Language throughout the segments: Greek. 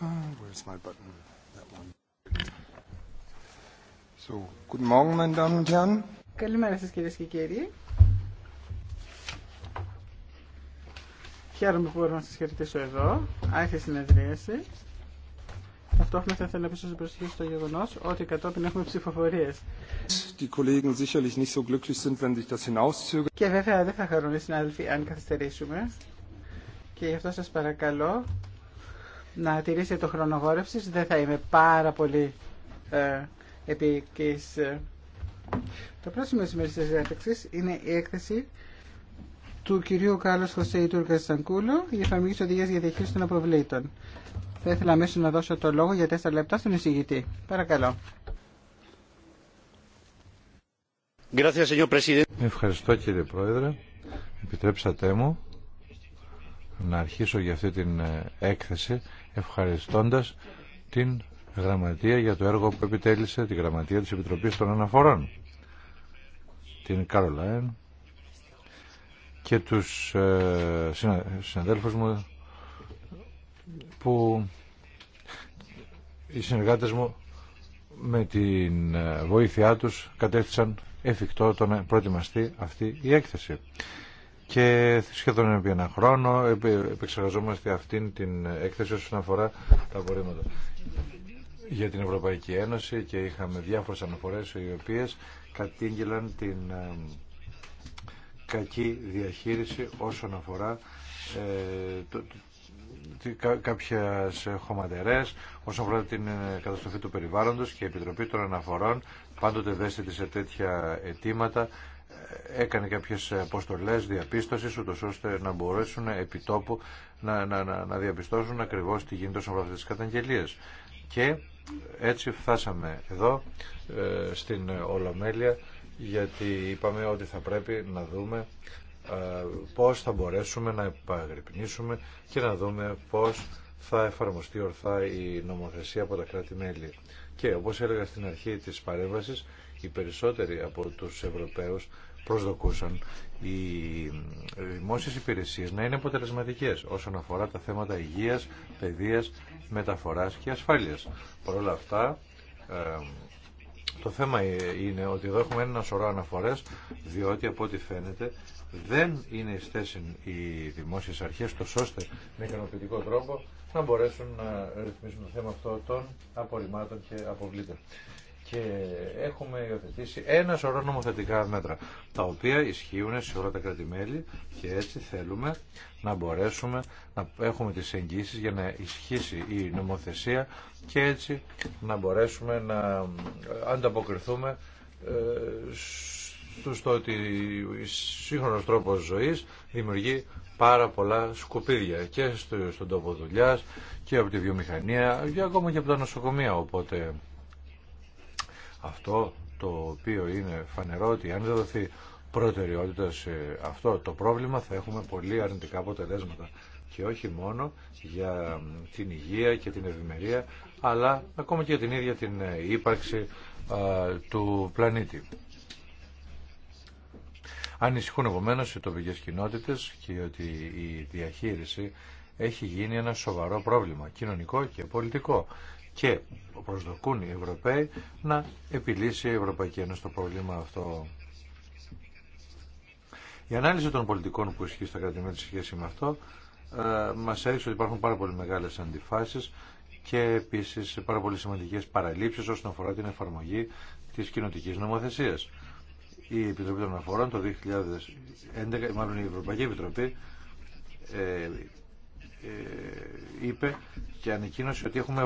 Ah, where's my button? That one. So, guten Morgen, meine Damen und Herren. Καλημέρα σας κυρίες και κύριοι. Χαίρομαι που μπορώ να σας χαιρετήσω εδώ. Άρχισε η συνεδρίαση. Ταυτόχρονα θα ήθελα να πω την προσοχή στο γεγονός ότι κατόπιν έχουμε ψηφοφορίε. Και βέβαια δεν θα χαρούν οι συνάδελφοι αν καθυστερήσουμε. Και γι' αυτό σας παρακαλώ να τηρήσετε το χρονογόρευση. Δεν θα είμαι πάρα πολύ ε, επίκης. Το πρόσημο σημείο της διάταξης είναι η έκθεση του κυρίου Κάλλος Χωσέη Τούρκα Σανκούλο για εφαρμογή οδηγία για διαχείριση των αποβλήτων. Θα ήθελα αμέσω να δώσω το λόγο για τέσσερα λεπτά στον εισηγητή. Παρακαλώ. Ευχαριστώ κύριε Πρόεδρε. Επιτρέψατε μου να αρχίσω για αυτή την ε, έκθεση ευχαριστώντας την Γραμματεία για το έργο που επιτέλησε, τη Γραμματεία της Επιτροπής των Αναφορών την Καρολάιν και τους ε, μου που οι συνεργάτες μου με την ε, βοήθειά τους κατέστησαν εφικτό το να ε, προετοιμαστεί αυτή η έκθεση και σχεδόν επί ένα χρόνο επεξεργαζόμαστε αυτήν την έκθεση όσον αφορά τα απορρίμματα για την Ευρωπαϊκή Ένωση και είχαμε διάφορες αναφορές οι οποίες κατήγγυλαν την ε, κακή διαχείριση όσον αφορά ε, το, κάποιες χωματερές όσον αφορά την ε, καταστροφή του περιβάλλοντος και η Επιτροπή των Αναφορών πάντοτε δέστητη σε τέτοια αιτήματα, έκανε κάποιες αποστολές διαπίστωσης, ούτως ώστε να μπορέσουν επί τόπου να, να, να, να διαπιστώσουν ακριβώς τι γίνεται όσον αυτές τις καταγγελίες. Και έτσι φτάσαμε εδώ, ε, στην Ολομέλεια, γιατί είπαμε ότι θα πρέπει να δούμε ε, πώς θα μπορέσουμε να επαγρυπνήσουμε και να δούμε πώς θα εφαρμοστεί ορθά η νομοθεσία από τα κράτη-μέλη. Και όπως έλεγα στην αρχή της παρέμβασης, οι περισσότεροι από τους Ευρωπαίους προσδοκούσαν οι δημόσιες υπηρεσίες να είναι αποτελεσματικές όσον αφορά τα θέματα υγείας, παιδείας, μεταφοράς και ασφάλειας. Παρ' όλα αυτά, το θέμα είναι ότι εδώ έχουμε ένα σωρό αναφορές, διότι από ό,τι φαίνεται δεν είναι στέσιν οι δημόσιες αρχές, τόσο ώστε με ικανοποιητικό τρόπο να μπορέσουν να ρυθμίσουν το θέμα αυτό των απορριμμάτων και αποβλήτων. Και έχουμε υιοθετήσει ένα σωρό νομοθετικά μέτρα, τα οποία ισχύουν σε όλα τα κρατημέλη και έτσι θέλουμε να μπορέσουμε να έχουμε τις εγγύσεις για να ισχύσει η νομοθεσία και έτσι να μπορέσουμε να ανταποκριθούμε ε, στο ότι σύγχρονος τρόπος ζωής δημιουργεί πάρα πολλά σκουπίδια και στο, στον τόπο δουλειά και από τη βιομηχανία και ακόμα και από τα νοσοκομεία. Οπότε αυτό το οποίο είναι φανερό ότι αν δεν δοθεί προτεραιότητα σε αυτό το πρόβλημα θα έχουμε πολύ αρνητικά αποτελέσματα και όχι μόνο για την υγεία και την ευημερία αλλά ακόμα και για την ίδια την ύπαρξη του πλανήτη. Ανησυχούν επομένω οι τοπικέ κοινότητε και ότι η διαχείριση έχει γίνει ένα σοβαρό πρόβλημα κοινωνικό και πολιτικό και προσδοκούν οι Ευρωπαίοι να επιλύσει η Ευρωπαϊκή Ένωση το πρόβλημα αυτό. Η ανάλυση των πολιτικών που ισχύει στα κρατημένα σε σχέση με αυτό ε, μας έδειξε ότι υπάρχουν πάρα πολύ μεγάλες αντιφάσεις και επίσης πάρα πολύ σημαντικές παραλήψεις όσον αφορά την εφαρμογή της κοινοτικής νομοθεσίας η Επιτροπή των Αφορών το 2011, μάλλον η Ευρωπαϊκή Επιτροπή, ε, ε, είπε και ανακοίνωσε ότι έχουμε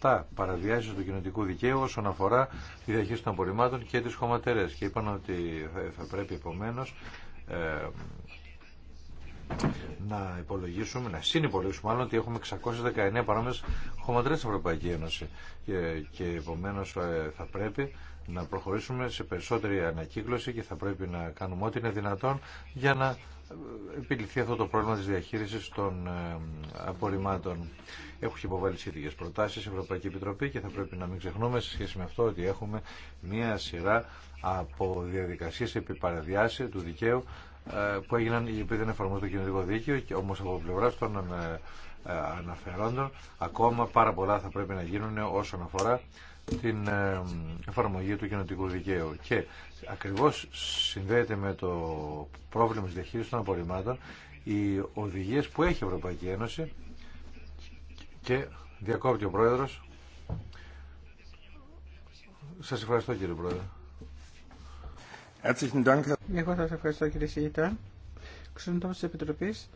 77 παραβιάσει του κοινωτικού δικαίου όσον αφορά τη διαχείριση των απορριμμάτων και τι χωματέρε και είπαν ότι θα πρέπει επομένως ε, να υπολογίσουμε, να συνυπολογίσουμε μάλλον ότι έχουμε 619 παρόμοιε χωματερέ στην Ευρωπαϊκή Ένωση και, και επομένως ε, θα πρέπει να προχωρήσουμε σε περισσότερη ανακύκλωση και θα πρέπει να κάνουμε ό,τι είναι δυνατόν για να επιληθεί αυτό το πρόβλημα της διαχείρισης των ε, απορριμμάτων. Έχω υποβάλει σχετικέ προτάσεις η Ευρωπαϊκή Επιτροπή και θα πρέπει να μην ξεχνούμε σε σχέση με αυτό ότι έχουμε μία σειρά από διαδικασίες επί παραδιάση του δικαίου ε, που έγιναν επειδή δεν εφαρμόζεται το κοινωνικό δίκαιο και όμως από πλευρά των ε, αναφερόντων ακόμα πάρα πολλά θα πρέπει να γίνουν όσον αφορά την ε, εφαρμογή του κοινοτικού δικαίου και ακριβώς συνδέεται με το πρόβλημα της διαχείρισης των απορριμμάτων οι οδηγίες που έχει η Ευρωπαϊκή Ένωση και διακόπτει ο Πρόεδρος. Σας ευχαριστώ κύριε Πρόεδρε. Εγώ σας ευχαριστώ κύριε Σιγητά. Ξενοτόμος της Επιτροπής,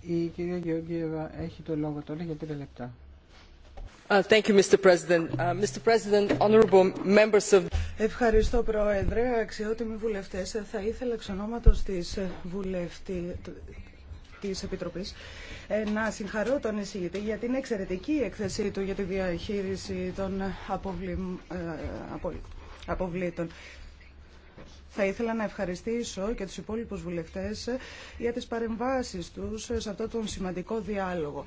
η κυρία Γεωργίευα έχει το λόγο τώρα για τρία λεπτά. Uh, uh, Ευχαριστώ Πρόεδρε, αξιότιμοι βουλευτές. Θα ήθελα εξ ονόματος της ε, βουλευτή της Επιτροπής ε, να συγχαρώ τον εισηγητή για την εξαιρετική έκθεσή του για τη διαχείριση των ε, αποβλήτων. Θα ήθελα να ευχαριστήσω και τους υπόλοιπους βουλευτές για τις παρεμβάσεις τους σε αυτό τον σημαντικό διάλογο.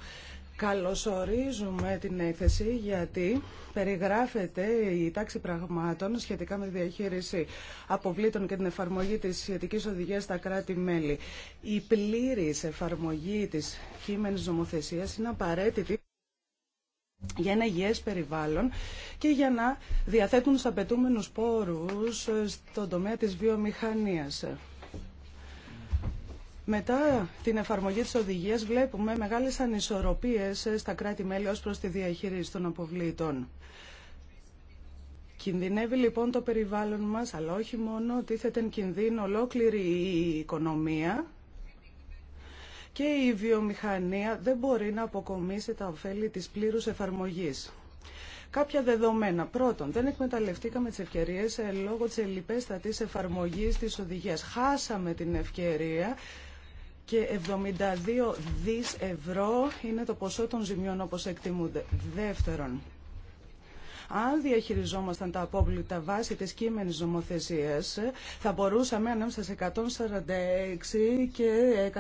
Καλωσορίζουμε την έκθεση γιατί περιγράφεται η τάξη πραγμάτων σχετικά με τη διαχείριση αποβλήτων και την εφαρμογή της σχετικής οδηγίας στα κράτη-μέλη. Η πλήρης εφαρμογή της κείμενης νομοθεσίας είναι απαραίτητη για ένα υγιές περιβάλλον και για να διαθέτουν του απαιτούμενους πόρους στον τομέα της βιομηχανίας. Μετά την εφαρμογή της οδηγίας βλέπουμε μεγάλες ανισορροπίες ε, στα κράτη-μέλη ως προς τη διαχείριση των αποβλήτων. Κινδυνεύει λοιπόν το περιβάλλον μας, αλλά όχι μόνο, τίθεται εν κινδύνο ολόκληρη η οικονομία και η βιομηχανία δεν μπορεί να αποκομίσει τα ωφέλη της πλήρους εφαρμογής. Κάποια δεδομένα. Πρώτον, δεν εκμεταλλευτήκαμε τις ευκαιρίες ε, λόγω της ελληπέστατης εφαρμογής της οδηγίας. Χάσαμε την ευκαιρία και 72 δις ευρώ είναι το ποσό των ζημιών όπως εκτιμούνται. Δεύτερον, αν διαχειριζόμασταν τα απόβλητα βάση της κείμενη νομοθεσία, θα μπορούσαμε ανάμεσα σε 146 και 244,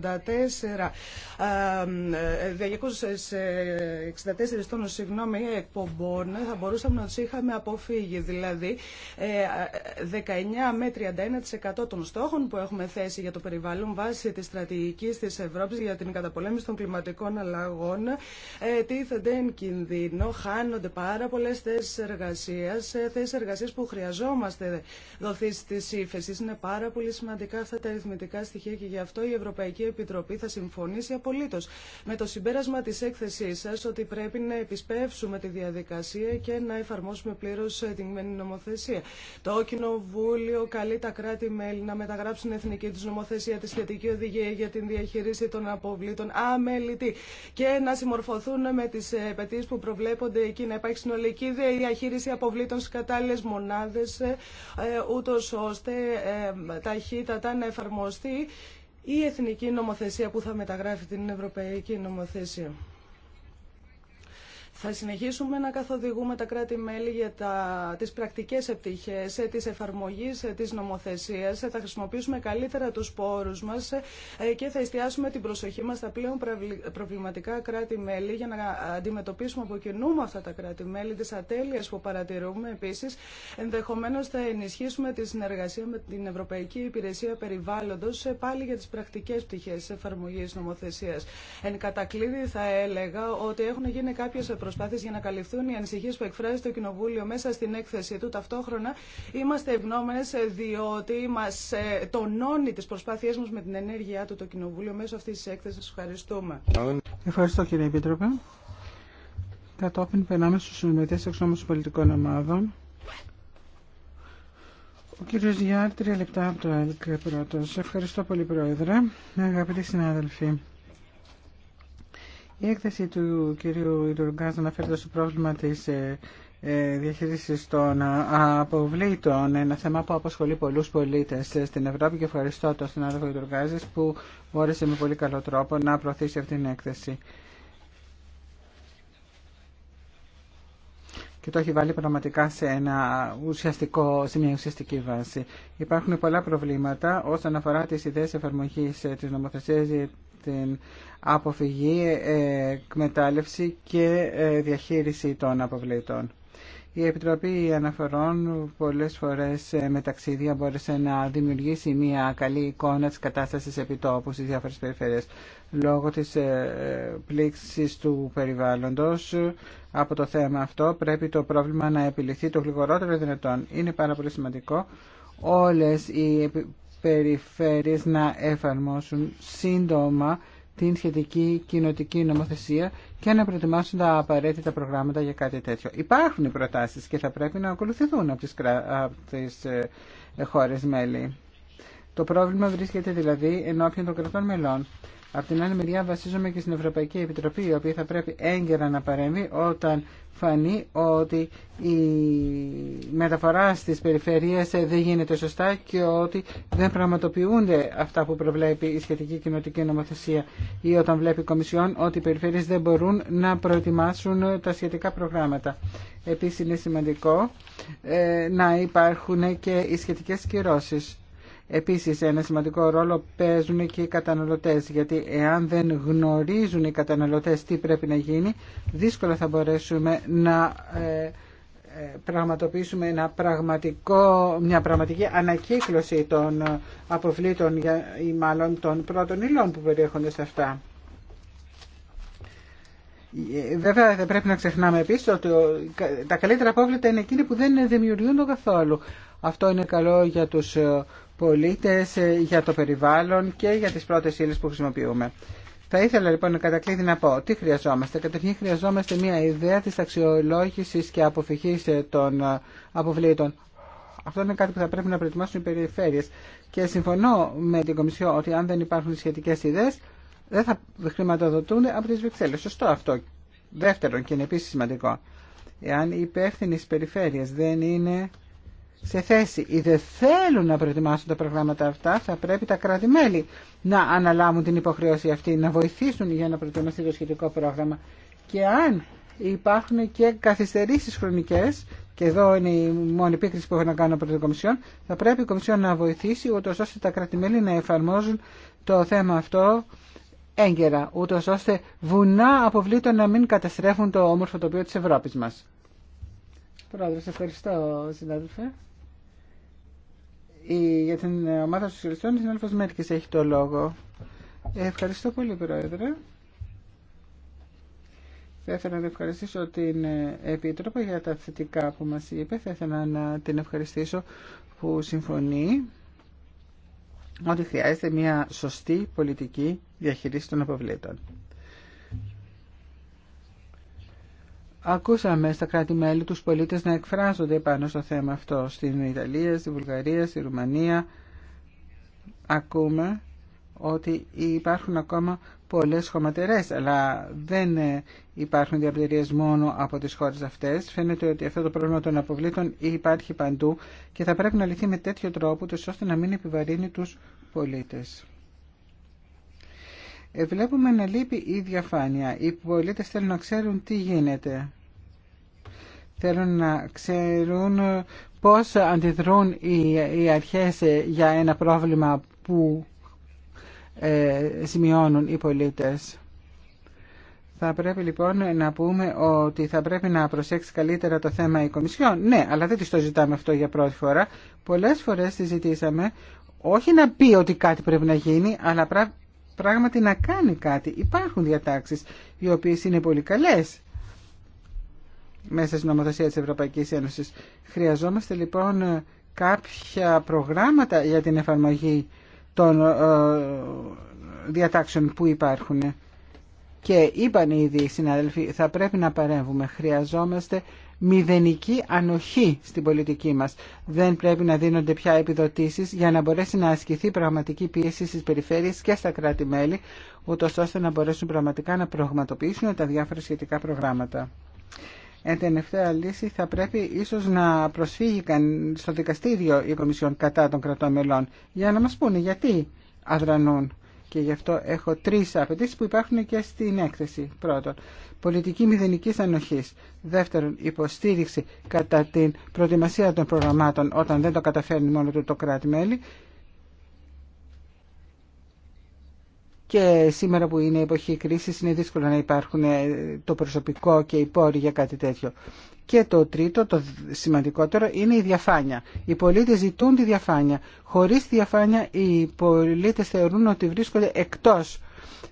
264 ε, τόνους συγγνώμη, εκπομπών, θα μπορούσαμε να τους είχαμε αποφύγει. Δηλαδή, 19 ε, με 31% των στόχων που έχουμε θέσει για το περιβάλλον βάση της στρατηγικής της Ευρώπης για την καταπολέμηση των κλιματικών αλλαγών ε, τίθενται εν κινδύνο χάνονται πάρα πολλές θέσεις εργασίας, ε, θέσεις εργασίας που χρειαζόμαστε δοθεί της ύφεσης. Είναι πάρα πολύ σημαντικά αυτά τα αριθμητικά στοιχεία και γι' αυτό η Ευρωπαϊκή Επιτροπή θα συμφωνήσει απολύτως με το συμπέρασμα της έκθεσής σα ότι πρέπει να επισπεύσουμε τη διαδικασία και να εφαρμόσουμε πλήρως ε, την νομοθεσία. Το Κοινοβούλιο καλεί τα κράτη-μέλη να μεταγράψουν εθνική του νομοθεσία τη σχετική οδηγία για την διαχείριση των αποβλήτων αμελητή και να συμμορφωθούν με τις ε, επαιτίες που προβλέπονται συνολική, να υπάρχει συνολική διαχείριση αποβλήτων στις κατάλληλες μονάδες, ε, ε, ούτω ώστε ε, ταχύτατα να εφαρμοστεί η εθνική νομοθεσία που θα μεταγράφει την ευρωπαϊκή νομοθεσία. Θα συνεχίσουμε να καθοδηγούμε τα κράτη-μέλη για τα, τις πρακτικές επιτυχίες ε, της εφαρμογής ε, της νομοθεσίας. Ε, θα χρησιμοποιήσουμε καλύτερα τους πόρους μας και θα εστιάσουμε την προσοχή μας στα πλέον προβληματικά κράτη-μέλη για να αντιμετωπίσουμε από κοινού με αυτά τα κράτη-μέλη τις ατέλειες που παρατηρούμε. Επίσης, ενδεχομένως θα ενισχύσουμε τη συνεργασία με την Ευρωπαϊκή Υπηρεσία Περιβάλλοντος πάλι για τις πρακτικές πτυχές της εφαρμογής Εν κατακλείδη θα έλεγα ότι έχουν γίνει κάποιες προσ προσπάθειε για να καλυφθούν οι ανησυχίε που εκφράζει το Κοινοβούλιο μέσα στην έκθεση του. Ταυτόχρονα είμαστε ευγνώμε διότι μας ε, τονώνει τι προσπάθειές μας με την ενέργειά του το Κοινοβούλιο μέσω αυτή τη έκθεση. ευχαριστούμε. Ευχαριστώ κύριε Επίτροπε. Κατόπιν περνάμε στου συνομιλητές εξ πολιτικών ομάδων. Ο κύριος Γιάννη, τρία λεπτά από το ΕΛΚ πρώτος. Ευχαριστώ πολύ πρόεδρε, αγαπητοί συνάδελφοι. Η έκθεση του κυρίου Ιντουργκάζ αναφέρεται στο πρόβλημα της ε, ε, διαχείρισης των αποβλήτων, ένα θέμα που αποσχολεί πολλούς πολίτες στην Ευρώπη και ευχαριστώ τον συνάδελφο Ιντουργκάζης που μπόρεσε με πολύ καλό τρόπο να προωθήσει αυτή την έκθεση. και το έχει βάλει πραγματικά σε, ένα ουσιαστικό, σε μια ουσιαστική βάση. Υπάρχουν πολλά προβλήματα όσον αφορά τις ιδέες εφαρμογής ε, της νομοθεσίας την αποφυγή, ε, εκμετάλλευση και ε, διαχείριση των αποβλήτων. Η Επιτροπή Αναφορών πολλές φορές ε, με ταξίδια μπόρεσε να δημιουργήσει μια καλή εικόνα της κατάστασης επιτόπου στις διάφορες περιφέρειες λόγω της πλήξης του περιβάλλοντος από το θέμα αυτό πρέπει το πρόβλημα να επιληθεί το γλυγορότερο δυνατόν. Είναι πάρα πολύ σημαντικό όλες οι περιφέρειες να εφαρμόσουν σύντομα την σχετική κοινοτική νομοθεσία και να προετοιμάσουν τα απαραίτητα προγράμματα για κάτι τέτοιο. Υπάρχουν οι προτάσεις και θα πρέπει να ακολουθηθούν από τις, από τις ε, χώρες μέλη. Το πρόβλημα βρίσκεται δηλαδή ενώπιον των κρατών μελών. Από την άλλη μεριά βασίζομαι και στην Ευρωπαϊκή Επιτροπή, η οποία θα πρέπει έγκαιρα να παρέμβει όταν φανεί ότι η μεταφορά στις περιφερειές ε, δεν γίνεται σωστά και ότι δεν πραγματοποιούνται αυτά που προβλέπει η σχετική κοινοτική νομοθεσία ή όταν βλέπει η Κομισιόν ότι οι περιφερειές δεν μπορούν να προετοιμάσουν τα σχετικά προγράμματα. Επίσης είναι σημαντικό ε, να υπάρχουν και οι σχετικές κυρώσεις. Επίσης ένα σημαντικό ρόλο παίζουν και οι καταναλωτές γιατί εάν δεν γνωρίζουν οι καταναλωτές τι πρέπει να γίνει δύσκολα θα μπορέσουμε να ε, ε, πραγματοποιήσουμε ένα πραγματικό, μια πραγματική ανακύκλωση των ε, αποβλήτων ή μάλλον των πρώτων υλών που περιέχονται σε αυτά. Ε, βέβαια θα πρέπει να ξεχνάμε επίσης ότι τα καλύτερα απόβλητα είναι εκείνοι που δεν δημιουργούν το καθόλου. Αυτό είναι καλό για τους ε, πολίτες, ε, για το περιβάλλον και για τις πρώτες ύλες που χρησιμοποιούμε. Θα ήθελα λοιπόν κατά κλείδι να πω τι χρειαζόμαστε. Καταρχήν χρειαζόμαστε μια ιδέα της αξιολόγησης και αποφυγής των αποβλήτων. Αυτό είναι κάτι που θα πρέπει να προετοιμάσουν οι περιφέρειες. Και συμφωνώ με την Κομισιό ότι αν δεν υπάρχουν σχετικές ιδέες δεν θα χρηματοδοτούν από τι Βρυξέλλε. Σωστό αυτό. Δεύτερον και είναι επίση σημαντικό. Εάν οι υπεύθυνε περιφέρειε δεν είναι σε θέση ή δεν θέλουν να προετοιμάσουν τα προγράμματα αυτά, θα πρέπει τα κράτη-μέλη να αναλάβουν την υποχρέωση αυτή, να βοηθήσουν για να προετοιμαστεί το σχετικό πρόγραμμα. Και αν υπάρχουν και καθυστερήσει χρονικέ, και εδώ είναι η μόνη επίκριση που έχω να κάνω από την Κομισιόν, θα πρέπει η Κομισιόν να βοηθήσει ούτω ώστε τα κρατη να εφαρμόζουν το θέμα αυτό έγκαιρα, ούτω ώστε βουνά αποβλήτων να μην καταστρέφουν το όμορφο τοπίο της Ευρώπης μας. Πρόεδρε, ευχαριστώ, συνάδελφε. Η, για την ομάδα των Σοσιαλιστών, η συνάδελφο Μέρκη έχει το λόγο. Ευχαριστώ πολύ, Πρόεδρε. Θα ήθελα να ευχαριστήσω την ε, Επίτροπο για τα θετικά που μας είπε. Θα ήθελα να την ευχαριστήσω που συμφωνεί ότι χρειάζεται μια σωστή πολιτική διαχείριση των αποβλήτων. Ακούσαμε στα κράτη-μέλη τους πολίτες να εκφράζονται πάνω στο θέμα αυτό. Στην Ιταλία, στη Βουλγαρία, στη Ρουμανία ακούμε ότι υπάρχουν ακόμα πολλές χωματερές, αλλά δεν υπάρχουν διαπληρίες μόνο από τις χώρες αυτές. Φαίνεται ότι αυτό το πρόβλημα των αποβλήτων υπάρχει παντού και θα πρέπει να λυθεί με τέτοιο τρόπο, ώστε να μην επιβαρύνει τους πολίτες. Ε, βλέπουμε να λείπει η διαφάνεια. Οι πολίτες θέλουν να ξέρουν τι γίνεται. Θέλουν να ξέρουν πώς αντιδρούν οι αρχές για ένα πρόβλημα που ε, σημειώνουν οι πολίτες. Θα πρέπει λοιπόν να πούμε ότι θα πρέπει να προσέξει καλύτερα το θέμα η Κομισιόν. Ναι, αλλά δεν τη το ζητάμε αυτό για πρώτη φορά. Πολλές φορές τη ζητήσαμε όχι να πει ότι κάτι πρέπει να γίνει, αλλά πράγματι να κάνει κάτι. Υπάρχουν διατάξεις οι οποίες είναι πολύ καλές μέσα στην νομοθεσία της Ευρωπαϊκής Ένωσης. Χρειαζόμαστε λοιπόν κάποια προγράμματα για την εφαρμογή των ε, διατάξεων που υπάρχουν. Και είπαν ήδη οι συνάδελφοι, θα πρέπει να παρέμβουμε. Χρειαζόμαστε μηδενική ανοχή στην πολιτική μας. Δεν πρέπει να δίνονται πια επιδοτήσεις για να μπορέσει να ασκηθεί πραγματική πίεση στις περιφέρειες και στα κράτη-μέλη, ούτως ώστε να μπορέσουν πραγματικά να προγραμματοποιήσουν τα διάφορα σχετικά προγράμματα. Εν τελευταία λύση θα πρέπει ίσως να προσφύγει στο δικαστήριο η Κομισιόν κατά των κρατών μελών για να μας πούνε γιατί αδρανούν. Και γι' αυτό έχω τρεις απαιτήσει που υπάρχουν και στην έκθεση. Πρώτον, πολιτική μηδενική ανοχής. Δεύτερον, υποστήριξη κατά την προετοιμασία των προγραμμάτων όταν δεν το καταφέρνει μόνο του το κράτη-μέλη. και σήμερα που είναι η εποχή κρίσης είναι δύσκολο να υπάρχουν ε, το προσωπικό και οι πόροι για κάτι τέτοιο. Και το τρίτο, το σημαντικότερο, είναι η διαφάνεια. Οι πολίτες ζητούν τη διαφάνεια. Χωρίς τη διαφάνεια οι πολίτες θεωρούν ότι βρίσκονται εκτός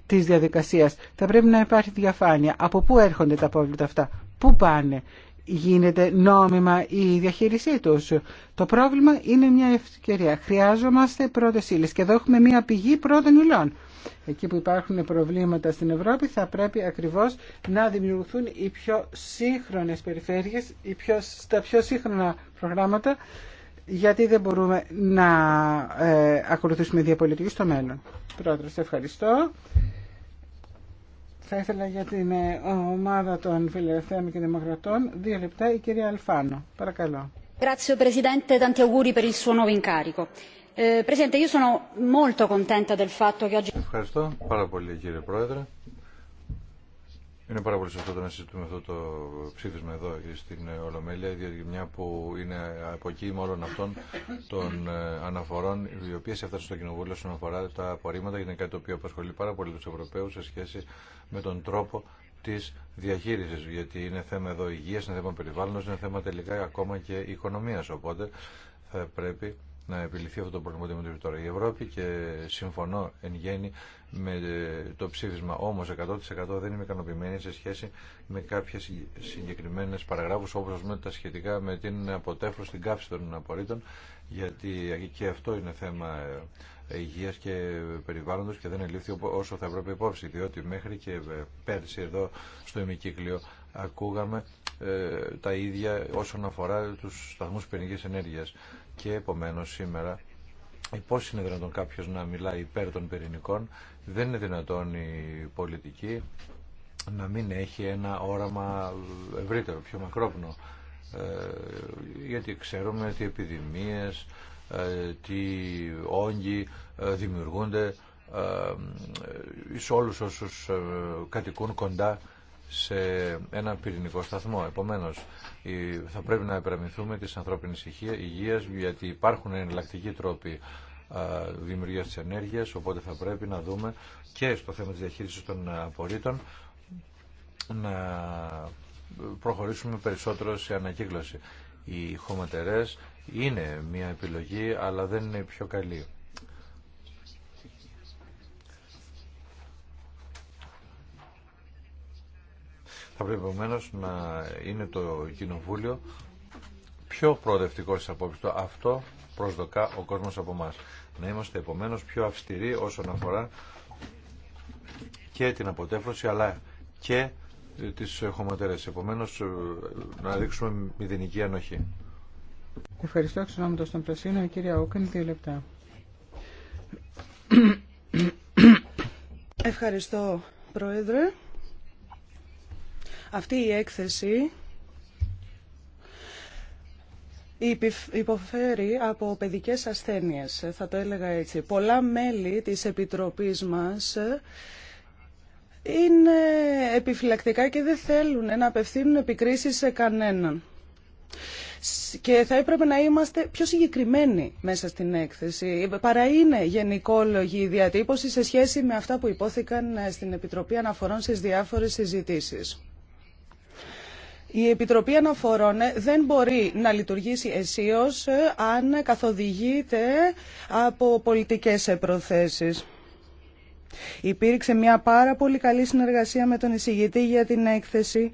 της διαδικασίας. Θα πρέπει να υπάρχει διαφάνεια. Από πού έρχονται τα απόβλητα αυτά, πού πάνε γίνεται νόμιμα η διαχείρισή τους. Το πρόβλημα είναι μια ευκαιρία. Χρειάζομαστε πρώτες ύλες και εδώ έχουμε μια πηγή πρώτων υλών. Εκεί που υπάρχουν προβλήματα στην Ευρώπη θα πρέπει ακριβώς να δημιουργηθούν οι πιο σύγχρονες περιφέρειες, οι πιο, τα πιο σύγχρονα προγράμματα, γιατί δεν μπορούμε να ε, ακολουθήσουμε διαπολιτική στο μέλλον. Πρόεδρος, ευχαριστώ. Θα ήθελα για την ε, ομάδα των Φιλελευθέρων και Δημοκρατών δύο λεπτά η κυρία Αλφάνο. Παρακαλώ. Grazie Presidente, tanti auguri per il suo nuovo incarico. Eh, Presidente, io sono molto contenta del fatto che oggi... Ευχαριστώ πάρα πολύ κύριε Πρόεδρε. Είναι πάρα πολύ σωστό το να συζητούμε αυτό το ψήφισμα εδώ ε, στην ε, Ολομέλεια, διότι μια που είναι από εκεί όλων αυτών των ε, αναφορών, οι οποίε έφτασαν στο Κοινοβούλιο όσον αφορά τα απορρίμματα, είναι κάτι το οποίο απασχολεί πάρα πολύ του Ευρωπαίου σε σχέση με τον τρόπο τη διαχείριση. Γιατί είναι θέμα εδώ υγεία, είναι θέμα περιβάλλοντο, είναι θέμα τελικά ακόμα και οικονομία. Οπότε θα πρέπει να επιληθεί αυτό το πρόβλημα που αντιμετωπίζει τώρα η Ευρώπη και συμφωνώ εν γέννη με το ψήφισμα. Όμω 100% δεν είμαι ικανοποιημένη σε σχέση με κάποιε συγκεκριμένε παραγράφου όπω τα σχετικά με την αποτέφρωση στην κάψη των απορρίτων γιατί και αυτό είναι θέμα ε, υγείας και περιβάλλοντος και δεν ελήφθη όσο θα έπρεπε υπόψη διότι μέχρι και ε, πέρσι εδώ στο ημικύκλιο ακούγαμε ε, τα ίδια όσον αφορά τους σταθμούς πυρηνικής ενέργειας και επομένω σήμερα πώς είναι δυνατόν κάποιος να μιλάει υπέρ των πυρηνικών δεν είναι δυνατόν η πολιτική να μην έχει ένα όραμα ευρύτερο, πιο μακρόπνο ε, γιατί ξέρουμε τι επιδημίες, ε, τι όγκοι ε, δημιουργούνται σε όλους όσους κατοικούν κοντά σε ένα πυρηνικό σταθμό. Επομένως, θα πρέπει να επεραμηθούμε τη ανθρώπινη υγείας, γιατί υπάρχουν εναλλακτικοί τρόποι δημιουργία τη ενέργειας, οπότε θα πρέπει να δούμε και στο θέμα της διαχείρισης των απορρίτων να προχωρήσουμε περισσότερο σε ανακύκλωση. Οι χωματερές είναι μια επιλογή, αλλά δεν είναι πιο καλή. Θα πρέπει επομένω να είναι το Κοινοβούλιο πιο προοδευτικό στι απόψει του. Αυτό προσδοκά ο κόσμο από εμά. Να είμαστε επομένω πιο αυστηροί όσον αφορά και την αποτέφρωση αλλά και τις χωματερές. Επομένω ε, να δείξουμε μηδενική ανοχή. Ευχαριστώ εξ των Κύριε Όκεν, δύο λεπτά. Ευχαριστώ, Πρόεδρε. Αυτή η έκθεση υποφέρει από παιδικές ασθένειες, θα το έλεγα έτσι. Πολλά μέλη της Επιτροπής μας είναι επιφυλακτικά και δεν θέλουν να απευθύνουν επικρίσεις σε κανέναν. Και θα έπρεπε να είμαστε πιο συγκεκριμένοι μέσα στην έκθεση. Παρά είναι γενικόλογη η διατύπωση σε σχέση με αυτά που υπόθηκαν στην Επιτροπή Αναφορών στις διάφορες συζητήσεις. Η Επιτροπή Αναφορών ε, δεν μπορεί να λειτουργήσει αισίως ε, αν καθοδηγείται από πολιτικές ε, προθέσεις. Υπήρξε μια πάρα πολύ καλή συνεργασία με τον εισηγητή για την έκθεση.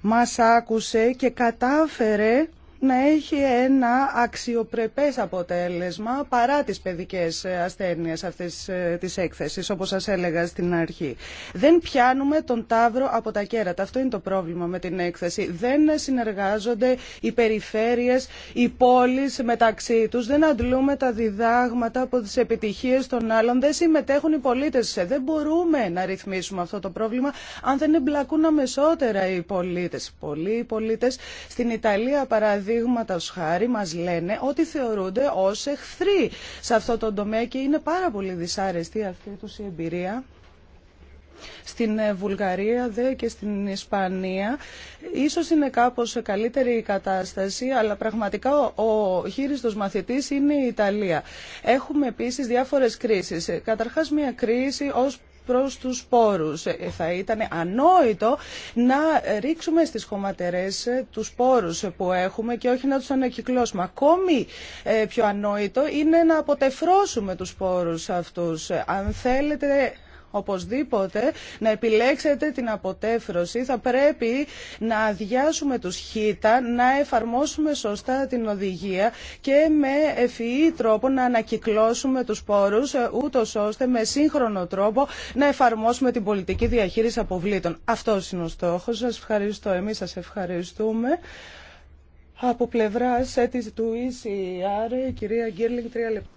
Μας άκουσε και κατάφερε να έχει ένα αξιοπρεπές αποτέλεσμα παρά τις παιδικές ασθένειες αυτής ε, της έκθεσης, όπως σας έλεγα στην αρχή. Δεν πιάνουμε τον τάβρο από τα κέρατα. Αυτό είναι το πρόβλημα με την έκθεση. Δεν συνεργάζονται οι περιφέρειες, οι πόλεις μεταξύ τους. Δεν αντλούμε τα διδάγματα από τις επιτυχίες των άλλων. Δεν συμμετέχουν οι πολίτες. Δεν μπορούμε να ρυθμίσουμε αυτό το πρόβλημα αν δεν εμπλακούν αμεσότερα οι πολίτες. Πολλοί πολίτες στην Ιταλία παραδείγματα παραδείγματα χάρη μας λένε ότι θεωρούνται ως εχθροί σε αυτό το τομέα και είναι πάρα πολύ δυσάρεστη αυτή τους η εμπειρία. Στην ε, Βουλγαρία δε και στην Ισπανία ίσως είναι κάπως καλύτερη η κατάσταση αλλά πραγματικά ο χείριστος μαθητής είναι η Ιταλία. Έχουμε επίσης διάφορες κρίσεις. Καταρχάς μια κρίση ως προς τους πόρους. Ε, θα ήταν ανόητο να ρίξουμε στις χωματερές ε, τους πόρους που έχουμε και όχι να τους ανακυκλώσουμε. Ακόμη ε, πιο ανόητο είναι να αποτεφρώσουμε τους πόρους αυτούς. Αν θέλετε οπωσδήποτε να επιλέξετε την αποτέφρωση. Θα πρέπει να αδειάσουμε τους χήτα, να εφαρμόσουμε σωστά την οδηγία και με ευφυή τρόπο να ανακυκλώσουμε τους πόρους, ε, ούτω ώστε με σύγχρονο τρόπο να εφαρμόσουμε την πολιτική διαχείριση αποβλήτων. Αυτό είναι ο στόχος. Σας ευχαριστώ. Εμείς σας ευχαριστούμε. Από πλευρά ε, του ECR, κυρία Γκίρλινγκ, τρία λεπτά.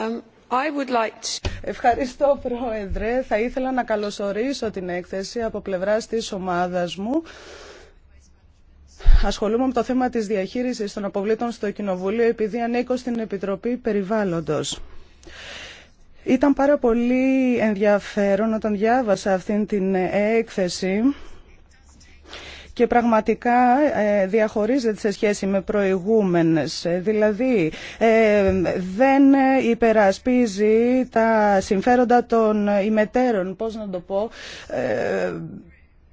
Um, Ευχαριστώ Πρόεδρε. Θα ήθελα να καλωσορίσω την έκθεση από πλευράς της ομάδας μου. Ασχολούμαι με το θέμα της διαχείρισης των αποβλήτων στο Κοινοβούλιο επειδή ανήκω στην Επιτροπή Περιβάλλοντος. Ήταν πάρα πολύ ενδιαφέρον όταν διάβασα αυτήν την έκθεση και πραγματικά ε, διαχωρίζεται σε σχέση με προηγούμενες. Ε, δηλαδή ε, δεν υπερασπίζει τα συμφέροντα των ημετέρων, πώς να το πω,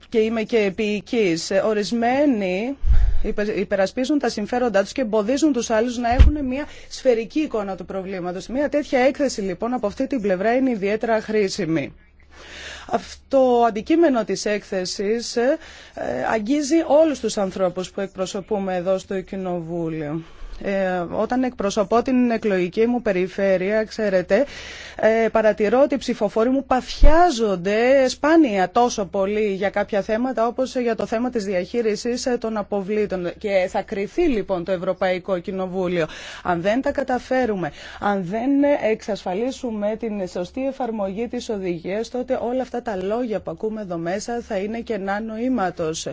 και είμαι και επίοικης. Ορισμένοι υπερασπίζουν τα συμφέροντά τους και εμποδίζουν τους άλλους να έχουν μια σφαιρική εικόνα του προβλήματος. Μια τέτοια έκθεση λοιπόν από αυτή την πλευρά είναι ιδιαίτερα χρήσιμη. Αυτό αντικείμενο της έκθεσης ε, αγγίζει όλους τους ανθρώπους που εκπροσωπούμε εδώ στο Κοινοβούλιο. Ε, όταν εκπροσωπώ την εκλογική μου περιφέρεια, ξέρετε, ε, παρατηρώ ότι οι ψηφοφόροι μου παθιάζονται σπάνια τόσο πολύ για κάποια θέματα όπως για το θέμα της διαχείρισης ε, των αποβλήτων. Και θα κρυθεί λοιπόν το Ευρωπαϊκό Κοινοβούλιο. Αν δεν τα καταφέρουμε, αν δεν εξασφαλίσουμε την σωστή εφαρμογή της οδηγίας, τότε όλα αυτά τα λόγια που ακούμε εδώ μέσα θα είναι κενά νοήματος.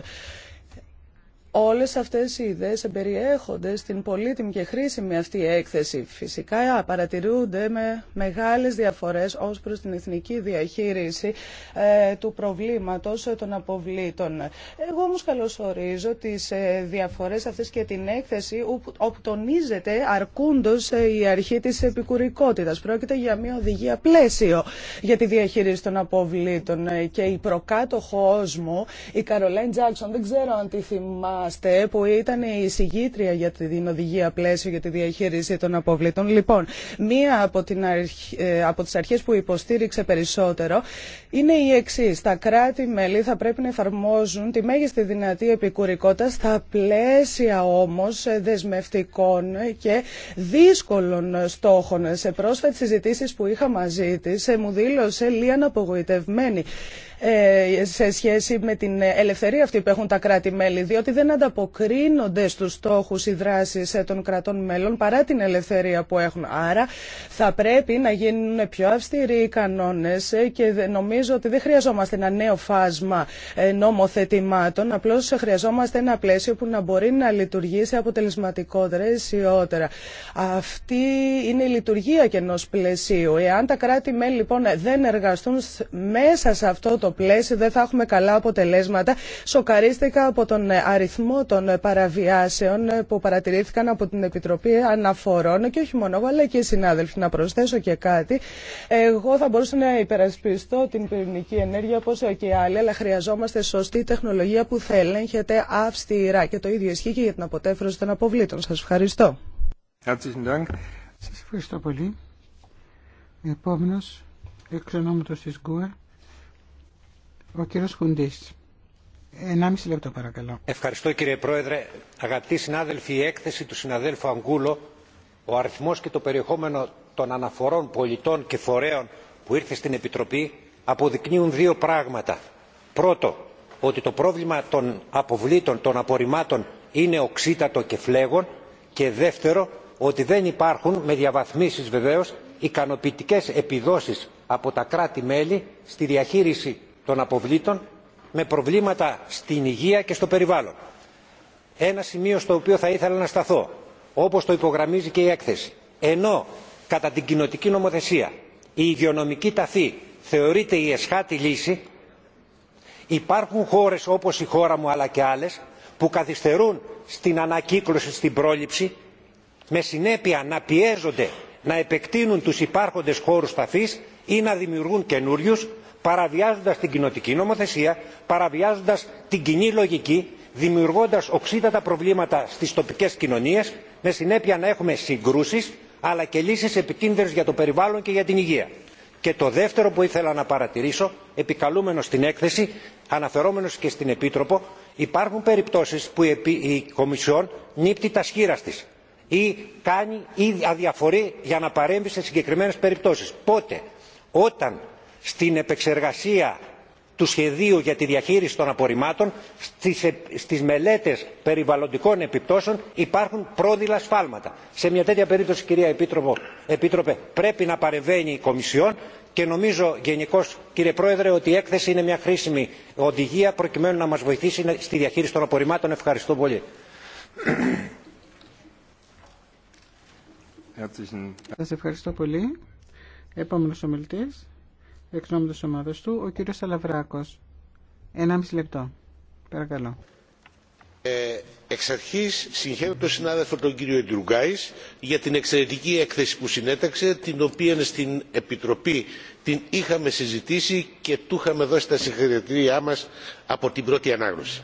Όλες αυτές οι ιδέες περιέχονται στην πολύτιμη και χρήσιμη αυτή έκθεση. Φυσικά παρατηρούνται με μεγάλες διαφορές ως προς την εθνική διαχείριση ε, του προβλήματος ε, των αποβλήτων. Εγώ όμως καλωσορίζω τις ε, διαφορές αυτές και την έκθεση όπου, τονίζεται αρκούντος ε, η αρχή της επικουρικότητας. Πρόκειται για μια οδηγία πλαίσιο για τη διαχείριση των αποβλήτων και η προκάτοχός μου, η Καρολέν Τζάξον, δεν ξέρω αν τη θυμάμαι, που ήταν η συγγήτρια για την οδηγία πλαίσιο για τη διαχείριση των αποβλήτων. Λοιπόν, μία από, την αρχή, ε, τις αρχές που υποστήριξε περισσότερο είναι η εξή. Τα κράτη-μέλη θα πρέπει να εφαρμόζουν τη μέγιστη δυνατή επικουρικότητα στα πλαίσια όμως δεσμευτικών και δύσκολων στόχων. Σε πρόσφατες συζητήσεις που είχα μαζί της, ε, μου δήλωσε λίγαν απογοητευμένη ε, σε σχέση με την ελευθερία αυτή που έχουν τα κράτη-μέλη, διότι δεν ανταποκρίνονται στους στόχους οι δράσεις ε, των κρατών μέλων παρά την ελευθερία που έχουν. Άρα θα πρέπει να γίνουν πιο αυστηροί οι κανόνες ε, και νομίζω ότι δεν χρειαζόμαστε ένα νέο φάσμα νομοθετημάτων, απλώς χρειαζόμαστε ένα πλαίσιο που να μπορεί να λειτουργήσει αποτελεσματικότερα, αισιότερα. Αυτή είναι η λειτουργία και ενός πλαισίου. Εάν τα κράτη-μέλη λοιπόν δεν εργαστούν μέσα σε αυτό το πλαίσιο δεν θα έχουμε καλά αποτελέσματα. Σοκαρίστηκα από τον ε, αριθμό των ε, παραβιάσεων ε, που παρατηρήθηκαν από την Επιτροπή Αναφορών και όχι μόνο εγώ αλλά και οι συνάδελφοι. Να προσθέσω και κάτι. Εγώ θα μπορούσα να υπερασπιστώ την πυρηνική ενέργεια όπω και άλλοι, αλλά χρειαζόμαστε σωστή τεχνολογία που θα ελέγχεται αυστηρά. Και το ίδιο ισχύει και για την αποτέφρωση των αποβλήτων. Σα ευχαριστώ. Σα ευχαριστώ πολύ. Επόμενο, εξ ονόματο τη ο κύριος Ενάμιση λεπτό παρακαλώ. Ευχαριστώ κύριε Πρόεδρε. Αγαπητοί συνάδελφοι, η έκθεση του συναδέλφου Αγκούλο, ο αριθμός και το περιεχόμενο των αναφορών πολιτών και φορέων που ήρθε στην Επιτροπή αποδεικνύουν δύο πράγματα. Πρώτο, ότι το πρόβλημα των αποβλήτων, των απορριμμάτων είναι οξύτατο και φλέγον και δεύτερο, ότι δεν υπάρχουν, με διαβαθμίσεις βεβαίως, ικανοποιητικές επιδόσεις από τα κράτη-μέλη στη διαχείριση των αποβλήτων με προβλήματα στην υγεία και στο περιβάλλον. Ένα σημείο στο οποίο θα ήθελα να σταθώ, όπως το υπογραμμίζει και η έκθεση, ενώ κατά την κοινοτική νομοθεσία η υγειονομική ταφή θεωρείται η εσχάτη λύση, υπάρχουν χώρες όπως η χώρα μου αλλά και άλλες που καθυστερούν στην ανακύκλωση, στην πρόληψη, με συνέπεια να πιέζονται να επεκτείνουν τους υπάρχοντες χώρους ταφής ή να δημιουργούν καινούριου παραβιάζοντας την κοινοτική νομοθεσία, παραβιάζοντας την κοινή λογική, δημιουργώντας οξύτατα προβλήματα στις τοπικές κοινωνίες, με συνέπεια να έχουμε συγκρούσεις, αλλά και λύσεις επικίνδυνες για το περιβάλλον και για την υγεία. Και το δεύτερο που ήθελα να παρατηρήσω, επικαλούμενο στην έκθεση, αναφερόμενος και στην Επίτροπο, υπάρχουν περιπτώσεις που η Κομισιόν νύπτει τα σχήρα της ή κάνει ή αδιαφορεί για να παρέμβει σε συγκεκριμένες περιπτώσεις. Πότε, όταν στην επεξεργασία του σχεδίου για τη διαχείριση των απορριμμάτων στις, μελέτες περιβαλλοντικών επιπτώσεων υπάρχουν πρόδειλα σφάλματα. σε μια τέτοια περίπτωση κυρία επίτροπε πρέπει να παρεμβαίνει η κομισιόν και νομίζω γενικώ κύριε πρόεδρε ότι η έκθεση είναι μια χρήσιμη οδηγία προκειμένου να μας βοηθήσει στη διαχείριση των απορριμμάτων. ευχαριστώ πολύ εκ νόμου του ομάδας του, ο κύριος Ένα μισή λεπτό. Παρακαλώ. Ε, εξ αρχή συγχαίρω τον συνάδελφο τον κύριο Εντουργκάης για την εξαιρετική έκθεση που συνέταξε, την οποία στην Επιτροπή την είχαμε συζητήσει και του είχαμε δώσει τα συγχαρητήριά μα από την πρώτη ανάγνωση.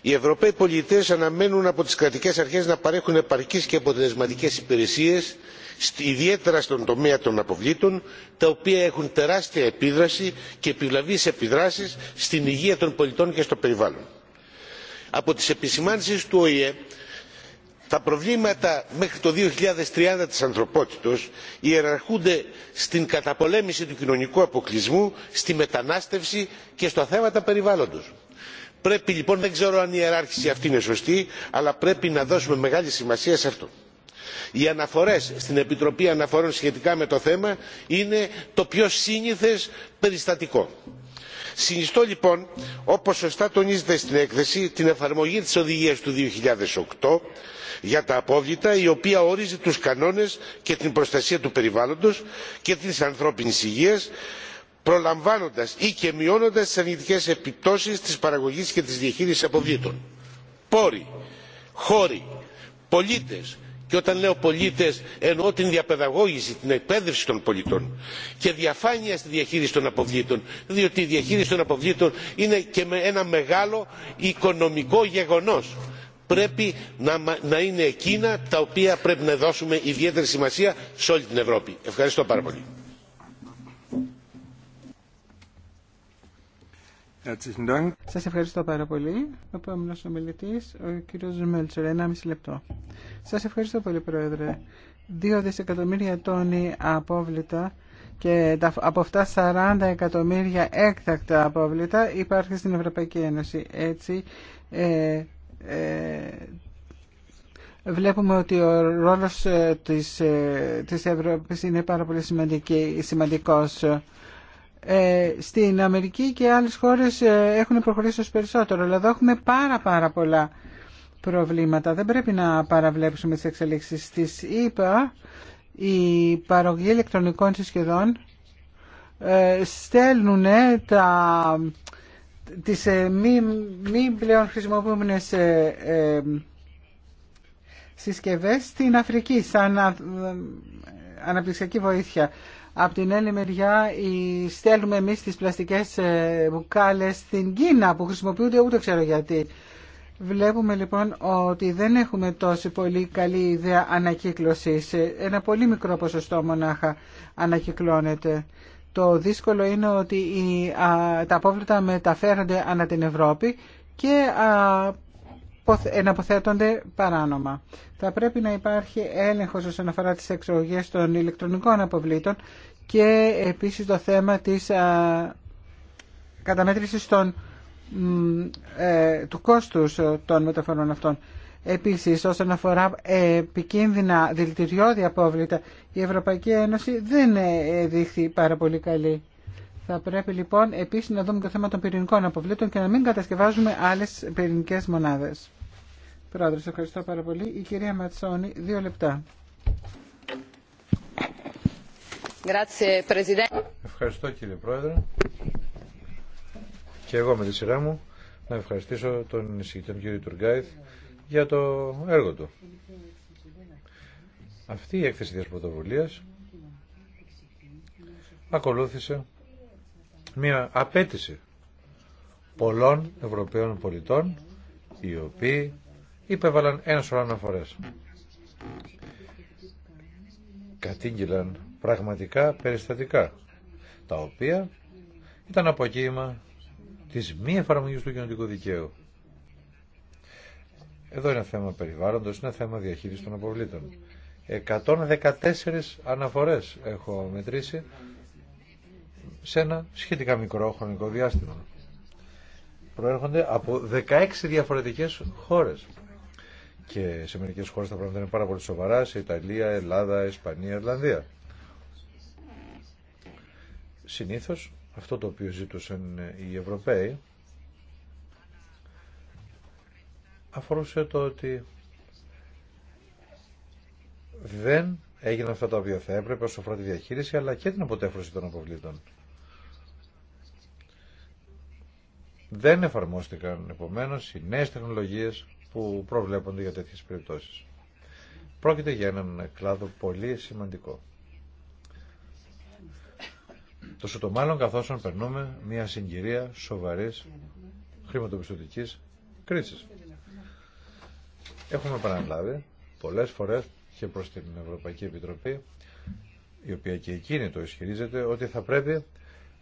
Οι Ευρωπαίοι πολιτέ αναμένουν από τι κρατικέ αρχέ να παρέχουν επαρκεί και αποτελεσματικέ υπηρεσίε ιδιαίτερα στον τομέα των αποβλήτων τα οποία έχουν τεράστια επίδραση και επιβλαβείς επιδράσεις στην υγεία των πολιτών και στο περιβάλλον. από τις επισημάνσεις του οηε τα προβλήματα μέχρι το 2030 της ανθρωπότητος ιεραρχούνται στην καταπολέμηση του κοινωνικού αποκλεισμού, στη μετανάστευση και στα θέματα περιβάλλοντος. Πρέπει λοιπόν, δεν ξέρω αν η ιεράρχηση αυτή είναι σωστή, αλλά πρέπει να δώσουμε μεγάλη σημασία σε αυτό οι αναφορές στην επιτροπή αναφορών σχετικά με το θέμα είναι το πιο σύνηθε περιστατικό. συνιστώ λοιπόν όπως σωστά τονίζεται στην έκθεση την εφαρμογή της οδηγίας του 2008 για τα απόβλητα η οποία ορίζει τους κανόνες και την προστασία του περιβάλλοντος και της ανθρώπινης υγείας προλαμβάνοντας ή και μειώνοντα τι αρνητικέ επιπτώσει τη παραγωγή και τη διαχείριση αποβλήτων. πόροι χώροι πολίτες και όταν λέω πολίτες εννοώ την διαπαιδαγώγηση την εκπαίδευση των πολιτών και διαφάνεια στη διαχείριση των αποβλήτων διότι η διαχείριση των αποβλήτων είναι και ένα μεγάλο οικονομικό γεγονός πρέπει να, να είναι εκείνα τα οποία πρέπει να δώσουμε ιδιαίτερη σημασία σε όλη την ευρώπη. ευχαριστώ πάρα πολύ. Σα ευχαριστώ πάρα πολύ. Ο επόμενο ομιλητή, ο κύριο Μέλτσορ, ένα μισή λεπτό. Σα ευχαριστώ πολύ, Πρόεδρε. Δύο δισεκατομμύρια τόνοι απόβλητα και από αυτά 40 εκατομμύρια έκτακτα απόβλητα υπάρχει στην Ευρωπαϊκή Ένωση. Έτσι, ε, ε, Βλέπουμε ότι ο ρόλος ε, της, ε, της Ευρώπης είναι πάρα πολύ σημαντικός. Ε, στην Αμερική και άλλες χώρες ε, έχουν προχωρήσει ως περισσότερο. Αλλά εδώ έχουμε πάρα πάρα πολλά προβλήματα. Δεν πρέπει να παραβλέψουμε τις εξελίξεις της ΕΠΑ. Η παρογή ηλεκτρονικών συσκευών ε, στέλνουν τα, τις μη, μη πλέον χρησιμοποιούμενες ε, συσκευές στην Αφρική σαν αναπτυξιακή βοήθεια. Από την άλλη μεριά στέλνουμε εμείς τις πλαστικές ε, μπουκάλες στην Κίνα που χρησιμοποιούνται ούτε ξέρω γιατί. Βλέπουμε λοιπόν ότι δεν έχουμε τόσο πολύ καλή ιδέα ανακύκλωσης. Ε, ένα πολύ μικρό ποσοστό μονάχα ανακυκλώνεται. Το δύσκολο είναι ότι τα απόβλητα μεταφέρονται ανά την Ευρώπη και εναποθέτονται παράνομα. Θα πρέπει να υπάρχει έλεγχος όσον αφορά τις εξογές των ηλεκτρονικών αποβλήτων και επίσης το θέμα της καταμέτρησης των, ε, του κόστους των μεταφορών αυτών. Επίσης, όσον αφορά επικίνδυνα δηλητηριώδη απόβλητα, η Ευρωπαϊκή Ένωση δεν ε, δείχνει πάρα πολύ καλή. Θα πρέπει λοιπόν επίσης να δούμε το θέμα των πυρηνικών αποβλήτων και να μην κατασκευάζουμε άλλες πυρηνικέ μονάδες. Πρόεδρε, ευχαριστώ πάρα πολύ. Η κυρία Ματσόνη, δύο λεπτά. Ευχαριστώ κύριε Πρόεδρε. Και εγώ με τη σειρά μου να ευχαριστήσω τον εισηγητή τον κύριο Τουργκάιθ για το έργο του. Αυτή η έκθεση τη πρωτοβουλία ακολούθησε μια απέτηση πολλών Ευρωπαίων πολιτών οι οποίοι υπέβαλαν ένα σωρό αναφορές. Κατήγγυλαν πραγματικά περιστατικά τα οποία ήταν αποκύημα της μη εφαρμογής του κοινωνικού δικαίου. Εδώ είναι θέμα περιβάλλοντος, είναι θέμα διαχείρισης των αποβλήτων. 114 αναφορές έχω μετρήσει σε ένα σχετικά μικρό χρονικό διάστημα. Προέρχονται από 16 διαφορετικές χώρες. Και σε μερικές χώρες τα πράγματα είναι πάρα πολύ σοβαρά, σε Ιταλία, Ελλάδα, Ισπανία, Ιρλανδία. Συνήθως αυτό το οποίο ζήτουσαν οι Ευρωπαίοι αφορούσε το ότι δεν έγιναν αυτά τα οποία θα έπρεπε όσο αφορά τη διαχείριση αλλά και την αποτέφρωση των αποβλήτων. δεν εφαρμόστηκαν επομένω οι νέε τεχνολογίε που προβλέπονται για τέτοιε περιπτώσει. Πρόκειται για έναν κλάδο πολύ σημαντικό. Τόσο το μάλλον καθώ περνούμε μια συγκυρία σοβαρή χρηματοπιστωτικής κρίση. Έχουμε παραλάβει πολλές φορές και προ την Ευρωπαϊκή Επιτροπή η οποία και εκείνη το ισχυρίζεται ότι θα πρέπει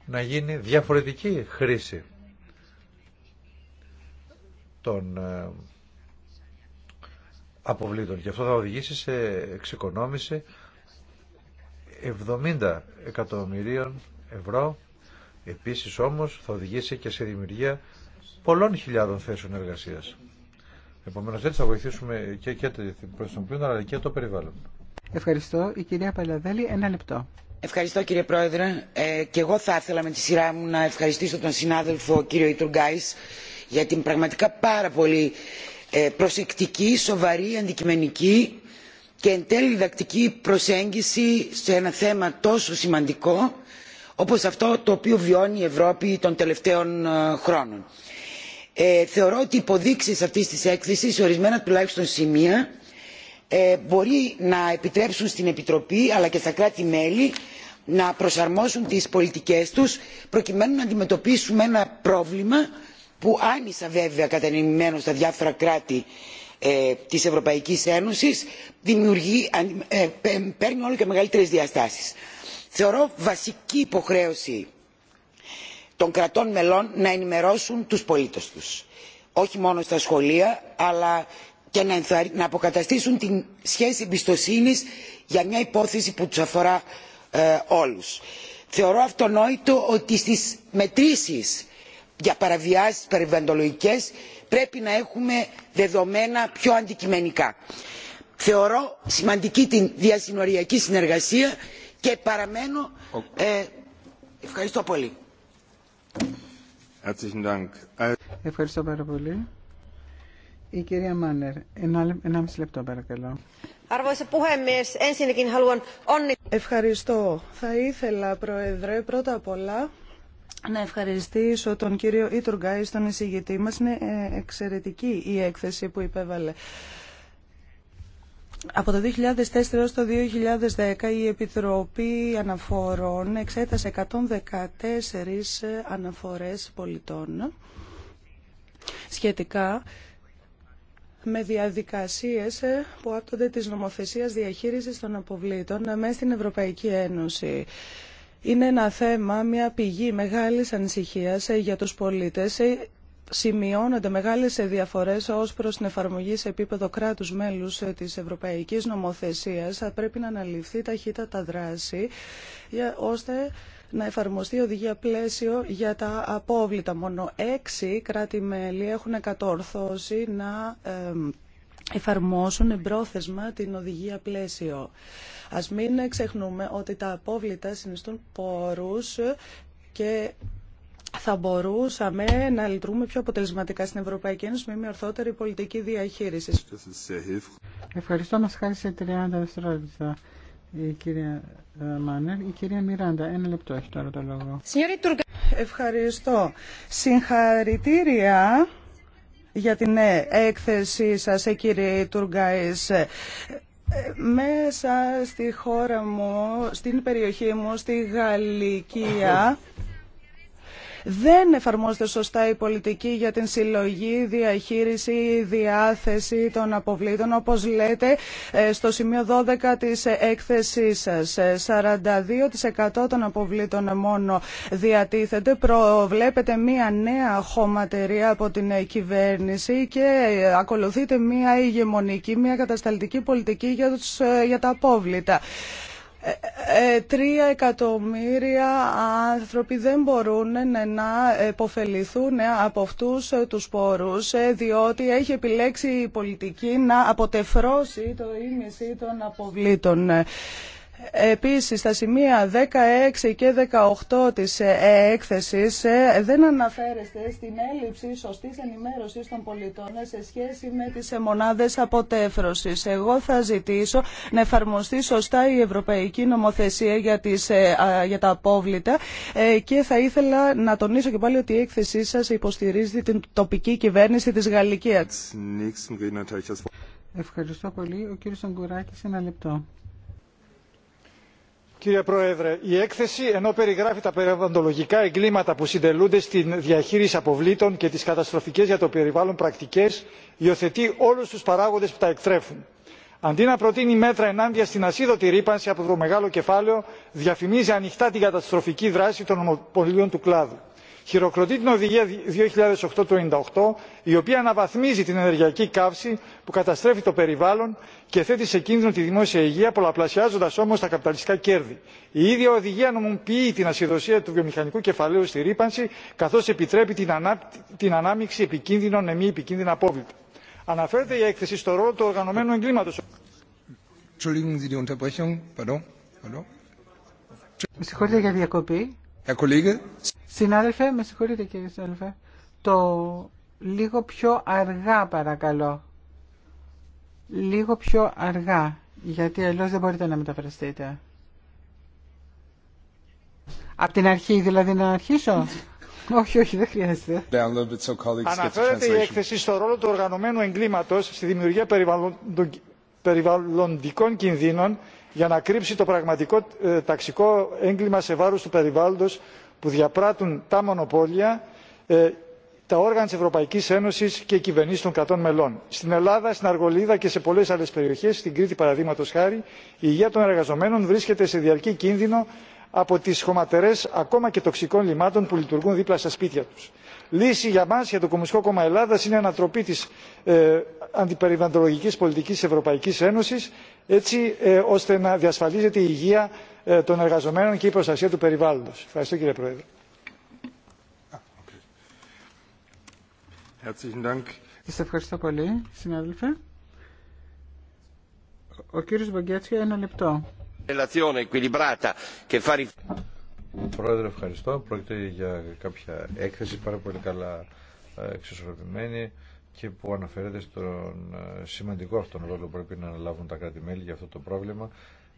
να γίνει διαφορετική χρήση των ε, αποβλήτων και αυτό θα οδηγήσει σε εξοικονόμηση 70 εκατομμυρίων ευρώ επίσης όμως θα οδηγήσει και σε δημιουργία πολλών χιλιάδων θέσεων εργασίας. Επομένως έτσι θα βοηθήσουμε και, και τον πλήρων αλλά και το περιβάλλον. Ευχαριστώ. Η κυρία Παλαδέλη, ένα λεπτό. Ευχαριστώ κύριε Πρόεδρε. Ε, και εγώ θα ήθελα με τη σειρά μου να ευχαριστήσω τον συνάδελφο κύριο Ιτουργκάης για την πραγματικά πάρα πολύ ε, προσεκτική, σοβαρή, αντικειμενική και εν τέλει διδακτική προσέγγιση σε ένα θέμα τόσο σημαντικό όπως αυτό το οποίο βιώνει η Ευρώπη των τελευταίων ε, χρόνων. Ε, θεωρώ ότι οι υποδείξεις αυτής της έκθεσης, σε ορισμένα τουλάχιστον σημεία, μπορεί να επιτρέψουν στην Επιτροπή αλλά και στα κράτη-μέλη να προσαρμόσουν τις πολιτικές τους προκειμένου να αντιμετωπίσουμε ένα πρόβλημα που άνισα βέβαια κατανεμημένο στα διάφορα κράτη τη ε, της Ευρωπαϊκής Ένωσης δημιουργεί, ε, παίρνει όλο και μεγαλύτερες διαστάσεις. Θεωρώ βασική υποχρέωση των κρατών μελών να ενημερώσουν τους πολίτες τους. Όχι μόνο στα σχολεία, αλλά και να, αποκαταστήσουν την σχέση εμπιστοσύνης για μια υπόθεση που τους αφορά όλου. Ε, όλους. Θεωρώ αυτονόητο ότι στις μετρήσεις για παραβιάσεις περιβαλλοντολογικές πρέπει να έχουμε δεδομένα πιο αντικειμενικά. θεωρώ σημαντική την διασυνοριακή συνεργασία και παραμένω ε, ευχαριστώ πολύ. Ε, ευχαριστώ πάρα πολύ. Η κυρία Μάνερ, ένα, μισή λεπτό παρακαλώ. Ευχαριστώ. Θα ήθελα, Πρόεδρε, πρώτα απ' όλα να ευχαριστήσω τον κύριο Ιτουργκάη, τον εισηγητή μας. Είναι ε, εξαιρετική η έκθεση που υπέβαλε. Από το 2004 έως το 2010 η Επιτροπή Αναφορών εξέτασε 114 ε, αναφορές πολιτών σχετικά με διαδικασίες ε, που άπτονται της νομοθεσίας διαχείρισης των αποβλήτων μέσα στην Ευρωπαϊκή Ένωση είναι ένα θέμα, μια πηγή μεγάλης ανησυχίας ε, για τους πολίτες. Ε, σημειώνονται μεγάλες διαφορές ως προς την εφαρμογή σε επίπεδο κράτους μέλους ε, της Ευρωπαϊκής Νομοθεσίας. Θα πρέπει να αναλυφθεί ταχύτατα δράση, ώστε να εφαρμοστεί οδηγία πλαίσιο για τα απόβλητα. Μόνο έξι κράτη-μέλη έχουν κατορθώσει να εφαρμόσουν εμπρόθεσμα την οδηγία πλαίσιο. Ας μην ξεχνούμε ότι τα απόβλητα συνιστούν πόρους και θα μπορούσαμε να λειτουργούμε πιο αποτελεσματικά στην Ευρωπαϊκή Ένωση με μια ορθότερη πολιτική διαχείριση. Ευχαριστώ. Μας χάρισε 30 δευτερόλεπτα η κυρία ε, Μάνερ. Η κυρία Μιράντα, ένα λεπτό έχει τώρα το λόγο. Ευχαριστώ. Συγχαρητήρια για την ε, έκθεσή σας, ε, κύριε Τουργκάης. Ε, μέσα στη χώρα μου, στην περιοχή μου, στη Γαλλικία, δεν εφαρμόζεται σωστά η πολιτική για την συλλογή, διαχείριση, διάθεση των αποβλήτων, όπως λέτε ε, στο σημείο 12 της έκθεσής σας. 42% ε, των αποβλήτων μόνο διατίθεται. Προβλέπετε μία νέα χωματερία από την κυβέρνηση και ακολουθείτε μία ηγεμονική, μία κατασταλτική πολιτική για, τους, ε, για τα απόβλητα. Ε, ε, τρία εκατομμύρια άνθρωποι δεν μπορούν ναι, ναι, να υποφεληθούν ναι, από αυτούς ε, τους πόρους διότι έχει επιλέξει η πολιτική να αποτεφρώσει το ίμιση των αποβλήτων. Επίσης, στα σημεία 16 και 18 της ε, έκθεσης ε, δεν αναφέρεστε στην έλλειψη σωστής ενημέρωσης των πολιτών σε σχέση με τις ε, μονάδες αποτέφρωσης. Εγώ θα ζητήσω να εφαρμοστεί σωστά η Ευρωπαϊκή Νομοθεσία για, τις, για τα απόβλητα και θα ήθελα να τονίσω και πάλι ότι η έκθεσή σας υποστηρίζει την τοπική κυβέρνηση της Γαλλικίας. Ευχαριστώ πολύ. Ο κύριος Αγκουράκης, ένα λεπτό κύριε πρόεδρε η έκθεση ενώ περιγράφει τα περιβαλλοντολογικά εγκλήματα που συντελούνται στην διαχείριση αποβλήτων και τις καταστροφικές για το περιβάλλον πρακτικές υιοθετεί όλους τους παράγοντες που τα εκτρέφουν. αντί να προτείνει μέτρα ενάντια στην ασίδωτη ρήπανση από το μεγάλο κεφάλαιο διαφημίζει ανοιχτά την καταστροφική δράση των ομοπολιών του κλάδου χειροκροτεί την οδηγία 2008 χιλιάδες η οποία αναβαθμίζει την ενεργειακή καύση που καταστρέφει το περιβάλλον και θέτει σε κίνδυνο τη δημόσια υγεία πολλαπλασιάζοντας όμως τα καπιταλιστικά κέρδη. η ίδια οδηγία νομιμοποιεί την ασυδοσία του βιομηχανικού κεφαλαίου στη ρήπανση καθώς επιτρέπει την, ανάμειξη επικίνδυνων με μη επικίνδυνα απόβλητα. αναφέρεται η έκθεση στο ρόλο του οργανωμένου εγκλήματος Συνάδελφε, με συγχωρείτε κύριε Συνάδελφε, το λίγο πιο αργά παρακαλώ. Λίγο πιο αργά, γιατί αλλιώς δεν μπορείτε να μεταφραστείτε. Απ' την αρχή δηλαδή να αρχίσω. όχι, όχι, δεν χρειάζεται. Αναφέρεται η έκθεση στο ρόλο του οργανωμένου εγκλήματος στη δημιουργία περιβαλλοντικών κινδύνων για να κρύψει το πραγματικό ε, ταξικό έγκλημα σε βάρος του περιβάλλοντο που διαπράττουν τα μονοπόλια ε, τα όργανα τη Ευρωπαϊκή Ένωση και οι κυβερνήσει των κρατών μελών. Στην Ελλάδα, στην Αργολίδα και σε πολλέ άλλε περιοχέ, στην Κρήτη παραδείγματο χάρη, η υγεία των εργαζομένων βρίσκεται σε διαρκή κίνδυνο από τι χωματερέ ακόμα και τοξικών λιμάτων που λειτουργούν δίπλα στα σπίτια του. Λύση για μας, για το Κομμουνιστικό Κόμμα Ελλάδα, είναι η ανατροπή τη ε, πολιτικής της Ευρωπαϊκής έτσι ε, ώστε να διασφαλίζεται η υγεία ε, των εργαζομένων και η προστασία του περιβάλλοντος. Ευχαριστώ κύριε Πρόεδρε. Σας ευχαριστώ πολύ, συνάδελφε. Ο κύριος Μπογκέτσια, ένα λεπτό. Πρόεδρε, ευχαριστώ. Πρόκειται για κάποια έκθεση πάρα πολύ καλά ε, εξισορροπημένη και που αναφέρεται στον ε, σημαντικό αυτόν ρόλο που πρέπει να αναλάβουν τα κράτη-μέλη για αυτό το πρόβλημα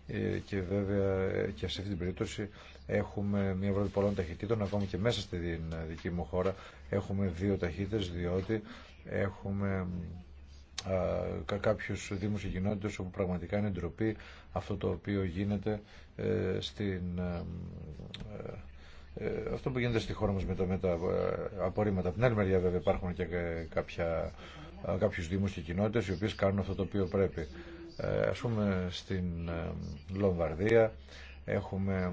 ε, και βέβαια ε, και σε αυτή την περίπτωση έχουμε μια Ευρώπη πολλών ταχυτήτων ακόμη και μέσα στη δική μου χώρα έχουμε δύο ταχύτητες διότι έχουμε α, κάποιους δήμους και κοινότητες όπου πραγματικά είναι ντροπή αυτό το οποίο γίνεται στην ε, αυτό που γίνεται στη χώρα μας με τα, ε, απορρίμματα. Από την άλλη μεριά βέβαια υπάρχουν και ε, κάποια, κάποιους δήμους και κοινότητες οι οποίες κάνουν αυτό το οποίο πρέπει. Ε, ας πούμε στην Λομβαρδία έχουμε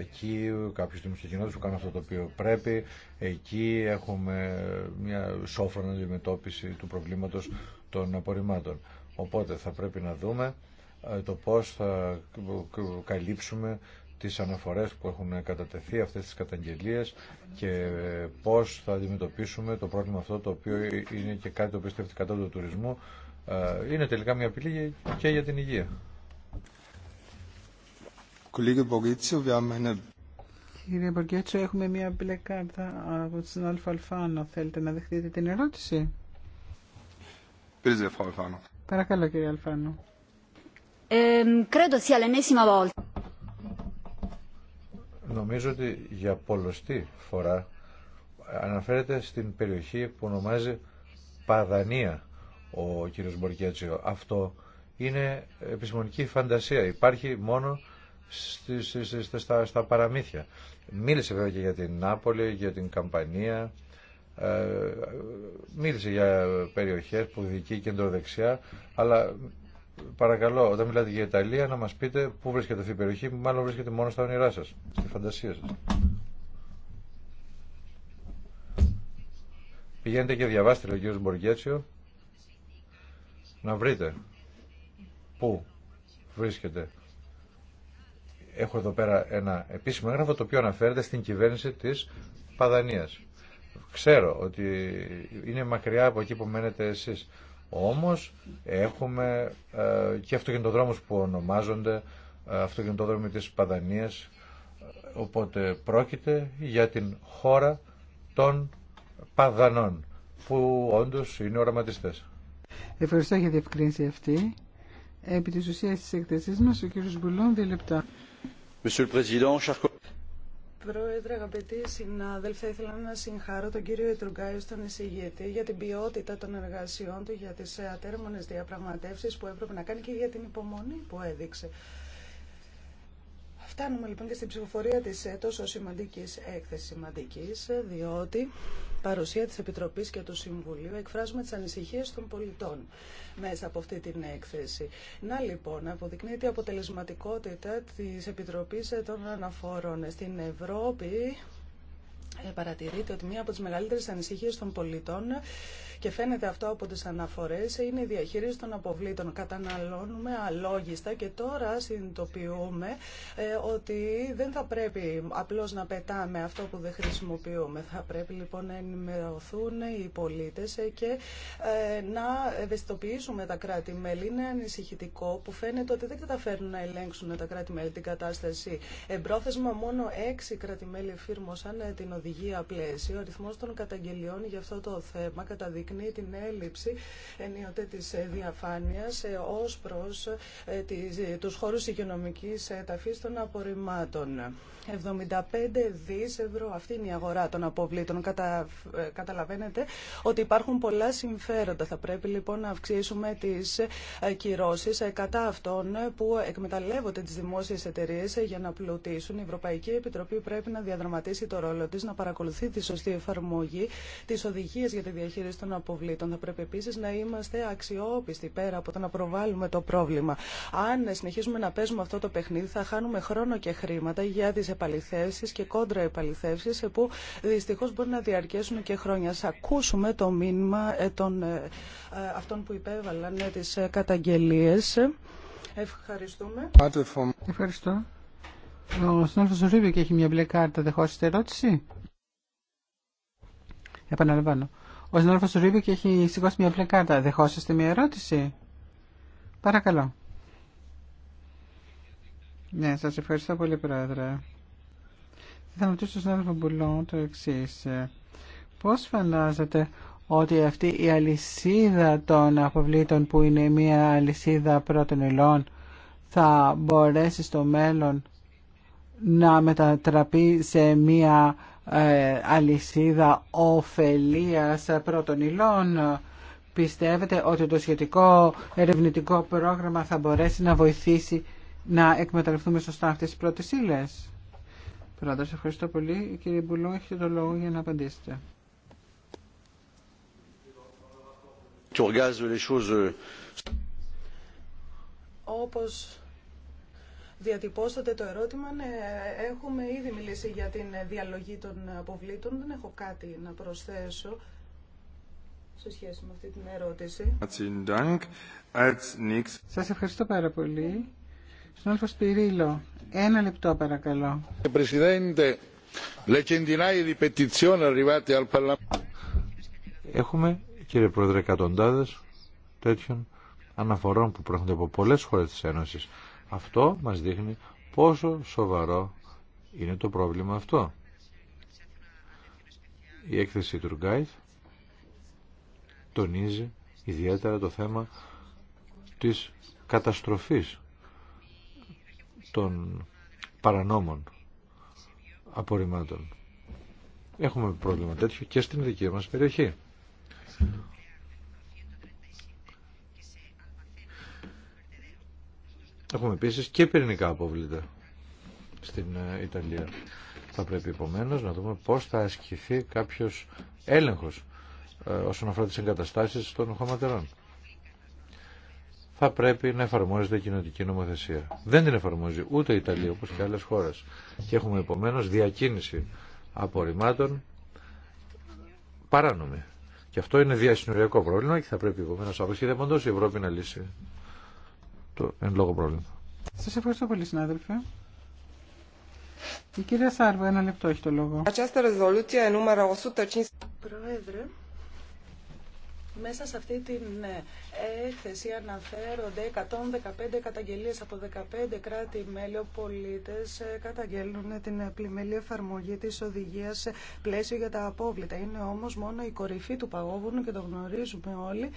εκεί κάποιου δήμου και κοινότητε που κάνουν αυτό το οποίο πρέπει. Εκεί έχουμε μια σόφρονα αντιμετώπιση του προβλήματος των απορριμμάτων. Οπότε θα πρέπει να δούμε το πώς θα καλύψουμε τις αναφορές που έχουν κατατεθεί αυτές τις καταγγελίες και ε, πώς θα αντιμετωπίσουμε το πρόβλημα αυτό το οποίο είναι και κάτι το οποίο στέφτει κατά του τουρισμού ε, είναι τελικά μια απειλή και για την υγεία. Κύριε Μπογκέτσο, έχουμε μια μπλε κάρτα από την αλφα Αλφάνο. Θέλετε να δεχτείτε την ερώτηση. Παρακαλώ κύριε Αλφάνο. Ε, credo sia l'ennesima νομίζω ότι για πολλωστή φορά αναφέρεται στην περιοχή που ονομάζει Παδανία ο κ. Μπορκέτσιο. Αυτό είναι επιστημονική φαντασία. Υπάρχει μόνο στα, στα παραμύθια. Μίλησε βέβαια και για την Νάπολη, για την Καμπανία, ε, μίλησε για περιοχές που δική κεντροδεξιά, αλλά παρακαλώ, όταν μιλάτε για Ιταλία, να μας πείτε πού βρίσκεται αυτή η περιοχή, μάλλον βρίσκεται μόνο στα όνειρά σας, στη φαντασία σα Πηγαίνετε και διαβάστε, λέει ο κ. Μποργέτσιο, να βρείτε πού βρίσκεται. Έχω εδώ πέρα ένα επίσημο έγγραφο το οποίο αναφέρεται στην κυβέρνηση της Παδανίας. Ξέρω ότι είναι μακριά από εκεί που μένετε της παδανια ξερω οτι ειναι μακρια απο εκει που μενετε εσεις όμως έχουμε ε, και αυτοκινητοδρόμους που ονομάζονται ε, αυτοκινητοδρόμοι της Παδανίας, οπότε πρόκειται για την χώρα των Παδανών, που όντως είναι οραματιστές. Ευχαριστώ για διευκρίνηση αυτή. Επί της ουσίας της εκθεσής μας, ο κύριος Μπουλόν, δύο λεπτά. Πρόεδρε, αγαπητοί συνάδελφοι, ήθελα να συγχαρώ τον κύριο Ιτρουγκάη στον εισηγητή για την ποιότητα των εργασιών του, για τις ε, ατέρμονες διαπραγματεύσεις που έπρεπε να κάνει και για την υπομονή που έδειξε. Φτάνουμε λοιπόν και στην ψηφοφορία της ε, τόσο σημαντικής έκθεση, σημαντικής, ε, διότι παρουσία της Επιτροπής και του Συμβουλίου εκφράζουμε τις ανησυχίες των πολιτών μέσα από αυτή την έκθεση. Να λοιπόν, αποδεικνύεται η αποτελεσματικότητα της Επιτροπής των Αναφορών στην Ευρώπη. Ε, παρατηρείται ότι μία από τις μεγαλύτερες ανησυχίες των πολιτών και φαίνεται αυτό από τις αναφορές, είναι η διαχείριση των αποβλήτων. Καταναλώνουμε αλόγιστα και τώρα συνειδητοποιούμε ε, ότι δεν θα πρέπει απλώς να πετάμε αυτό που δεν χρησιμοποιούμε. Θα πρέπει λοιπόν να ενημερωθούν οι πολίτες ε, και ε, να ευαισθητοποιήσουμε τα κράτη-μέλη. Είναι ανησυχητικό που φαίνεται ότι δεν καταφέρνουν να ελέγξουν τα κράτη-μέλη την κατάσταση. Εμπρόθεσμα μόνο έξι κράτη-μέλη εφήρμοσαν την οδηγία πλαίσιο. Ο αριθμός των καταγγελιών για αυτό το θέμα καταδεικνύει καταδεικνύει την έλλειψη ενίοτε της ε, διαφάνειας ε, ως προς ε, τους χώρους υγειονομικής ταφής των απορριμμάτων. 75 δις ευρώ αυτή είναι η αγορά των αποβλήτων. Κατα... Καταλαβαίνετε ότι υπάρχουν πολλά συμφέροντα. Θα πρέπει λοιπόν να αυξήσουμε τις κυρώσεις κατά αυτών που εκμεταλλεύονται τις δημόσιες εταιρείες για να πλουτίσουν. Η Ευρωπαϊκή Επιτροπή πρέπει να διαδραματίσει το ρόλο της, να παρακολουθεί τη σωστή εφαρμογή, τις οδηγίες για τη διαχείριση των αποβλήτων. Θα πρέπει επίση να είμαστε αξιόπιστοι πέρα από το να προβάλλουμε το πρόβλημα. Αν συνεχίσουμε να παίζουμε αυτό το παιχνίδι, θα χάνουμε χρόνο και χρήματα για τι επαληθεύσει και κόντρα επαληθεύσει, ε, που δυστυχώ μπορεί να διαρκέσουν και χρόνια. Α ακούσουμε το μήνυμα ε, των, ε, αυτών που υπέβαλαν τι καταγγελίε. Ευχαριστούμε. Ευχαριστώ. Ο Ρίβιο και έχει μια μπλε κάρτα. Δεχόσαστε ερώτηση. Επαναλαμβάνω. Ο συνάδελφο του και έχει σηκώσει μια πλεκάτα. Δεχόσαστε μια ερώτηση. Παρακαλώ. Ναι, σα ευχαριστώ πολύ, Πρόεδρε. Θα ρωτήσω τον συνάδελφο Μπουλόν το εξή. Πώ φαντάζεται ότι αυτή η αλυσίδα των αποβλήτων που είναι μια αλυσίδα πρώτων υλών θα μπορέσει στο μέλλον να μετατραπεί σε μια ε, αλυσίδα ωφελίας πρώτων υλών. Πιστεύετε ότι το σχετικό ερευνητικό πρόγραμμα θα μπορέσει να βοηθήσει να εκμεταλλευτούμε σωστά αυτές τις πρώτες ύλες. Πρόεδρος, ευχαριστώ πολύ. Κύριε Μπουλό, έχετε το λόγο για να απαντήσετε. Euh, Όπως διατυπώσατε το ερώτημα. Ναι, έχουμε ήδη μιλήσει για την διαλογή των αποβλήτων. Δεν έχω κάτι να προσθέσω σε σχέση με αυτή την ερώτηση. Σας ευχαριστώ πάρα πολύ. Στον Αλφα Σπυρίλο, ένα λεπτό παρακαλώ. Έχουμε, κύριε Πρόεδρε, εκατοντάδε τέτοιων αναφορών που προέρχονται από πολλές χώρε τη Ένωση. Αυτό μας δείχνει πόσο σοβαρό είναι το πρόβλημα αυτό. Η έκθεση του Γκάιτ τονίζει ιδιαίτερα το θέμα της καταστροφής των παρανόμων απορριμμάτων. Έχουμε πρόβλημα τέτοιο και στην δική μας περιοχή. Έχουμε επίση και πυρηνικά αποβλήτα στην ε, Ιταλία. Θα πρέπει επομένω να δούμε πώ θα ασκηθεί κάποιος έλεγχος ε, όσον αφορά τι εγκαταστάσει των χωματερών. Θα πρέπει να εφαρμόζεται η κοινωτική νομοθεσία. Δεν την εφαρμόζει ούτε η Ιταλία όπω και άλλε χώρε. Και έχουμε επομένω, διακίνηση απορριμμάτων παράνομη. Και αυτό είναι διασυνοριακό πρόβλημα και θα πρέπει επομένως να βρίσκεται δεν η Ευρώπη να λύσει το εν λόγω πρόβλημα. Σας ευχαριστώ πολύ συνάδελφε. Η κυρία Σάρβα, ένα λεπτό έχει το λόγο. Πρόεδρε, μέσα σε αυτή την ε, έκθεση αναφέρονται 115 καταγγελίες από 15 κράτη-μέλη. Ο πολίτες ε, καταγγέλνουν την πλημμύλη εφαρμογή της οδηγίας πλαίσιο για τα απόβλητα. Είναι όμως μόνο η κορυφή του παγόβουνου και το γνωρίζουμε όλοι.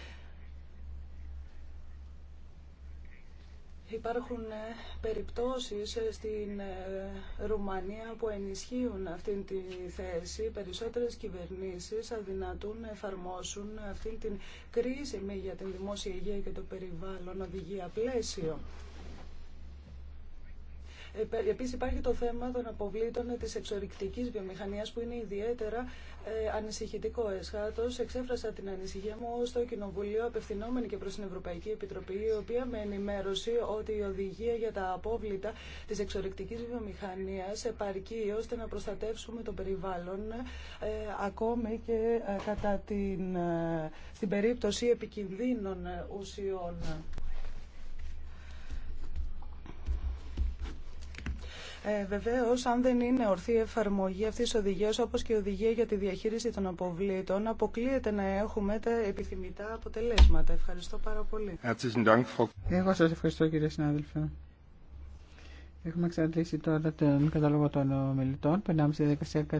Υπάρχουν ε, περιπτώσεις ε, στην ε, Ρουμανία που ενισχύουν αυτή τη θέση. Περισσότερες κυβερνήσεις αδυνατούν να εφαρμόσουν αυτήν την κρίσιμη για την δημόσια υγεία και το περιβάλλον οδηγία πλαίσιο. Επίση υπάρχει το θέμα των αποβλήτων της εξορυκτική βιομηχανίας που είναι ιδιαίτερα ε, ανησυχητικό. Εσχάτω, εξέφρασα την ανησυχία μου στο Κοινοβουλίο απευθυνόμενη και προς την Ευρωπαϊκή Επιτροπή η οποία με ενημέρωσε ότι η οδηγία για τα απόβλητα της εξορυκτική βιομηχανίας επαρκεί ώστε να προστατεύσουμε τον περιβάλλον ε, ακόμη και ε, κατά την, στην περίπτωση επικινδύνων ουσιών. Ε, Βεβαίω, αν δεν είναι ορθή η εφαρμογή αυτή τη οδηγία, όπω και η οδηγία για τη διαχείριση των αποβλήτων, αποκλείεται να έχουμε τα επιθυμητά αποτελέσματα. Ευχαριστώ πάρα πολύ. Εγώ σα ευχαριστώ, κύριε συνάδελφε. Έχουμε εξαντλήσει τώρα τον κατάλογο των ομιλητών. Περνάμε στη διαδικασία του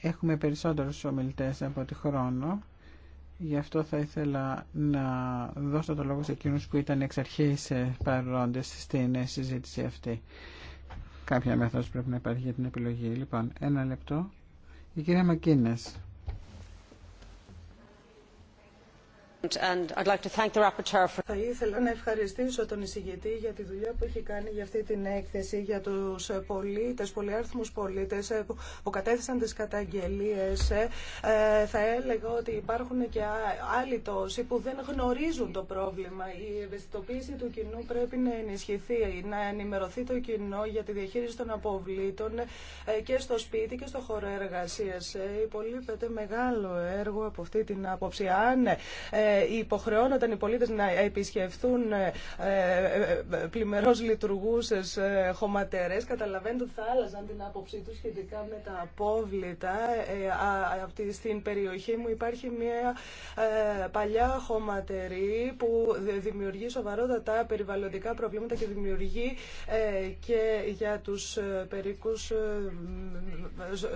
Έχουμε περισσότερου ομιλητέ από τη χρόνο. Γι' αυτό θα ήθελα να δώσω το λόγο σε εκείνους που ήταν εξ αρχής ε, παρόντες στην ε, συζήτηση αυτή. Κάποια μέθοδος πρέπει να υπάρχει για την επιλογή. Λοιπόν, ένα λεπτό. Η κυρία Μακίνες. Θα ήθελα να ευχαριστήσω τον εισηγητή για τη δουλειά που έχει κάνει για αυτή την έκθεση για τους πολίτες, πολυάρθμους πολίτες που κατέθεσαν τις καταγγελίες. Ε, θα έλεγα ότι υπάρχουν και άλλοι τόσοι που δεν γνωρίζουν το πρόβλημα. Η ευαισθητοποίηση του κοινού πρέπει να ενισχυθεί, να ενημερωθεί το κοινό για τη διαχείριση των αποβλήτων ε, και στο σπίτι και στο χώρο εργασίας. Ε, υπολείπεται μεγάλο έργο από αυτή την άποψη. Αν ε, υποχρεώνονταν οι πολίτες να επισκεφθούν ε, ε, πλημερώς λειτουργούσες χωματερές, Καταλαβαίνουν, ότι θα άλλαζαν την άποψή τους σχετικά με τα απόβλητα. Στην περιοχή μου υπάρχει μια παλιά χωματερή που δημιουργεί σοβαρότατα περιβαλλοντικά προβλήματα και δημιουργεί και για τους περικούς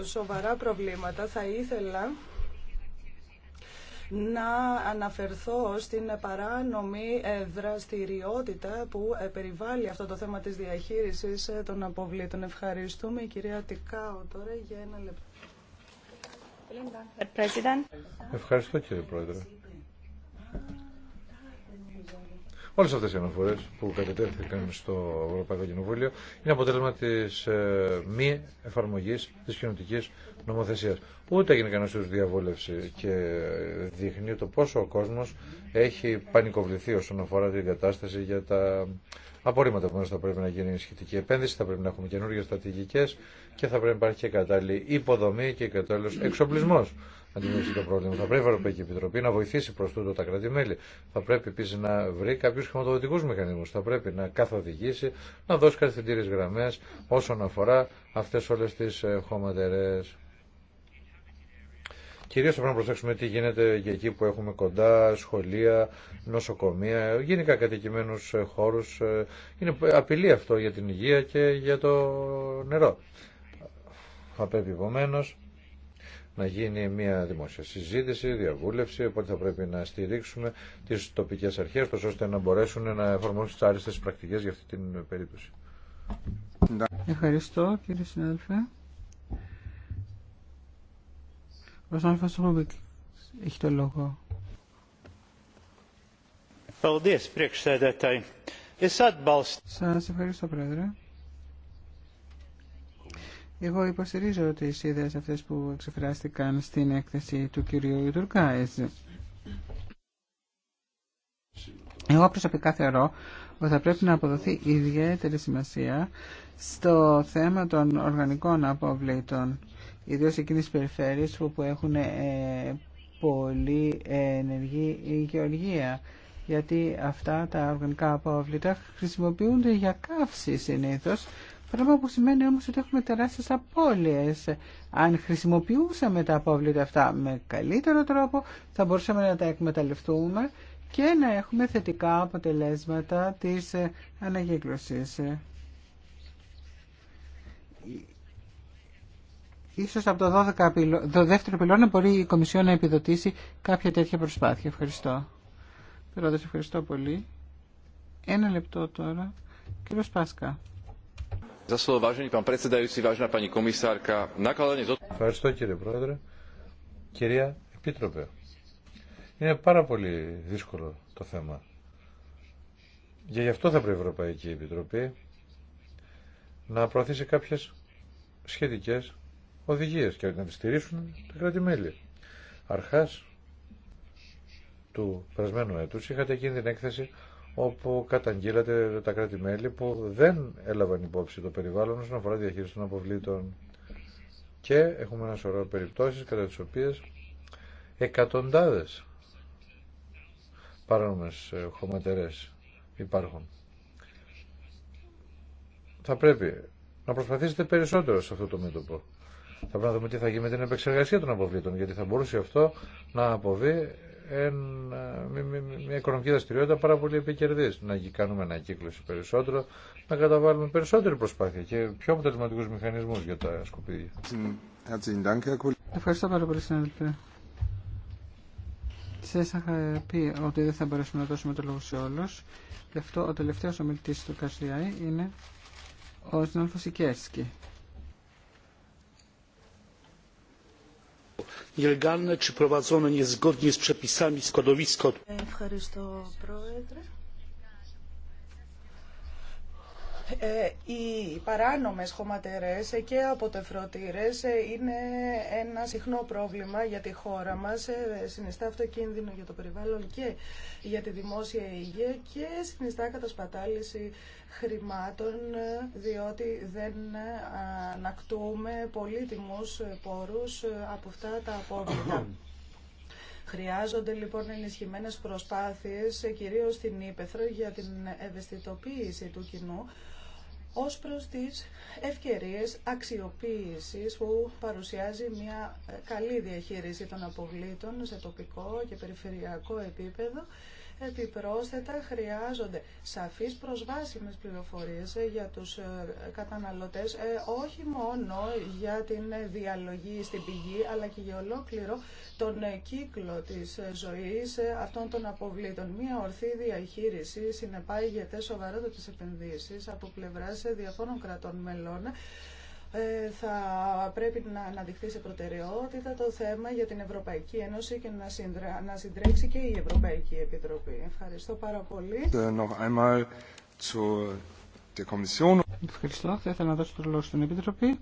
σοβαρά προβλήματα. Θα ήθελα να αναφερθώ στην παράνομη ε, δραστηριότητα που ε, περιβάλλει αυτό το θέμα της διαχείρισης ε, των αποβλήτων. Ευχαριστούμε κυρία Τικάου τώρα για ένα λεπτό. Ευχαριστώ κύριε Πρόεδρε. Όλε αυτέ οι αναφορέ που κατετέθηκαν στο Ευρωπαϊκό Κοινοβούλιο είναι αποτέλεσμα τη ε, μη εφαρμογή τη κοινωτική νομοθεσία. Ούτε έγινε κανένα είδου διαβούλευση και δείχνει το πόσο ο κόσμο έχει πανικοβληθεί όσον αφορά την κατάσταση για τα απορρίμματα. που θα πρέπει να γίνει η σχετική επένδυση, θα πρέπει να έχουμε καινούργιε στρατηγικέ και θα πρέπει να υπάρχει και κατάλληλη υποδομή και κατάλληλο εξοπλισμό αντιμετωπίσει το πρόβλημα. Θα πρέπει η Ευρωπαϊκή Επιτροπή να βοηθήσει προ τούτο τα κράτη-μέλη. Θα πρέπει επίση να βρει κάποιου χρηματοδοτικού μηχανισμού. Θα πρέπει να καθοδηγήσει, να δώσει καθεντήρε γραμμέ όσον αφορά αυτέ όλε τι ε, χωματερέ. Κυρίω θα πρέπει να προσέξουμε τι γίνεται για εκεί που έχουμε κοντά σχολεία, νοσοκομεία, γενικά κατοικημένου ε, χώρου. Ε, είναι απειλή αυτό για την υγεία και για το νερό. Θα πρέπει επομένω να γίνει μια δημόσια συζήτηση, διαβούλευση, οπότε θα πρέπει να στηρίξουμε τις τοπικές αρχές, ώστε να μπορέσουν να εφαρμόσουν τις άριστες πρακτικές για αυτή την περίπτωση. Ευχαριστώ κύριε συνάδελφε. Ο συνάδελφος έχει το λόγο. Σας ευχαριστώ πρόεδρε. Εγώ υποστηρίζω τις ιδέες αυτές που εξεφράστηκαν στην έκθεση του κυρίου Τουρκάης. Εγώ προσωπικά θεωρώ ότι θα πρέπει να αποδοθεί ιδιαίτερη σημασία στο θέμα των οργανικών αποβλήτων, ιδίως εκείνης τι περιφέρειες που έχουν ε, πολύ ενεργή γεωργία γιατί αυτά τα οργανικά αποβλήτα χρησιμοποιούνται για καύση συνήθως Πράγμα που σημαίνει όμως ότι έχουμε τεράστιες απώλειες. Αν χρησιμοποιούσαμε τα απόβλητα αυτά με καλύτερο τρόπο θα μπορούσαμε να τα εκμεταλλευτούμε και να έχουμε θετικά αποτελέσματα της αναγκύκλωσης. Ίσως από το, 12 πυλο... το δεύτερο πυλώνα μπορεί η Κομισιόν να επιδοτήσει κάποια τέτοια προσπάθεια. Ευχαριστώ. ευχαριστώ πολύ. Ένα λεπτό τώρα. Κύριος Πάσκα. Ευχαριστώ κύριε Πρόεδρε. Κυρία Επίτροπε, είναι πάρα πολύ δύσκολο το θέμα. Και γι' αυτό θα πρέπει η Ευρωπαϊκή Επιτροπή να προωθήσει κάποιες σχετικές οδηγίες και να τις στηρίσουν τα κράτη-μέλη. Αρχάς του περασμένου έτους είχατε εκείνη την έκθεση όπου καταγγείλατε τα κράτη-μέλη που δεν έλαβαν υπόψη το περιβάλλον όσον αφορά διαχείριση των αποβλήτων. Και έχουμε ένα σωρό περιπτώσεις κατά τις οποίες εκατοντάδες παράνομες ε, χωματερές υπάρχουν. Θα πρέπει να προσπαθήσετε περισσότερο σε αυτό το μέτωπο. Θα πρέπει να δούμε τι θα γίνει με την επεξεργασία των αποβλήτων, γιατί θα μπορούσε αυτό να αποβεί ε, μια οικονομική δραστηριότητα πάρα πολύ επικερδή. Να κάνουμε κύκλο περισσότερο, να καταβάλουμε περισσότερη προσπάθεια και πιο αποτελεσματικού μηχανισμού για τα σκουπίδια. Ευχαριστώ πάρα πολύ, συνάδελφε. Σα είχα πει ότι δεν θα μπορέσουμε να δώσουμε το λόγο σε όλου. Γι' αυτό ο τελευταίο ομιλητή του ΚΑΣΤΙΑΗ είναι ο Σνόλφο Σικέρσκι. nielegalne czy prowadzone niezgodnie z przepisami składowiska odpadów Ε, οι παράνομες χωματερές και αποτεφρωτήρες ε, είναι ένα συχνό πρόβλημα για τη χώρα μας. Ε, συνιστά αυτό κίνδυνο για το περιβάλλον και για τη δημόσια υγεία και συνιστά κατασπατάληση χρημάτων διότι δεν ανακτούμε πολύτιμους πόρους από αυτά τα απόβλητα. Χρειάζονται λοιπόν ενισχυμένες προσπάθειες, κυρίως στην Ήπεθρο, για την ευαισθητοποίηση του κοινού ως προς τις ευκαιρίες αξιοποίησης που παρουσιάζει μια ε, καλή διαχείριση των αποβλήτων σε τοπικό και περιφερειακό επίπεδο Επιπρόσθετα χρειάζονται σαφείς προσβάσιμες πληροφορίες ε, για τους ε, καταναλωτές, ε, όχι μόνο για την διαλογή στην πηγή, αλλά και για ολόκληρο τον κύκλο της ζωής αυτών των αποβλήτων. Μία ορθή διαχείριση συνεπάγεται σοβαρότητες επενδύσεις από πλευράς διαφόρων κρατών μελών ε, θα πρέπει να αναδειχθεί σε προτεραιότητα το θέμα για την Ευρωπαϊκή Ένωση και να, να συντρέξει και η Ευρωπαϊκή Επιτροπή. Ευχαριστώ πάρα πολύ. Ε, Ευχαριστώ. Θα ήθελα να δώσω το λόγο στην Επιτροπή.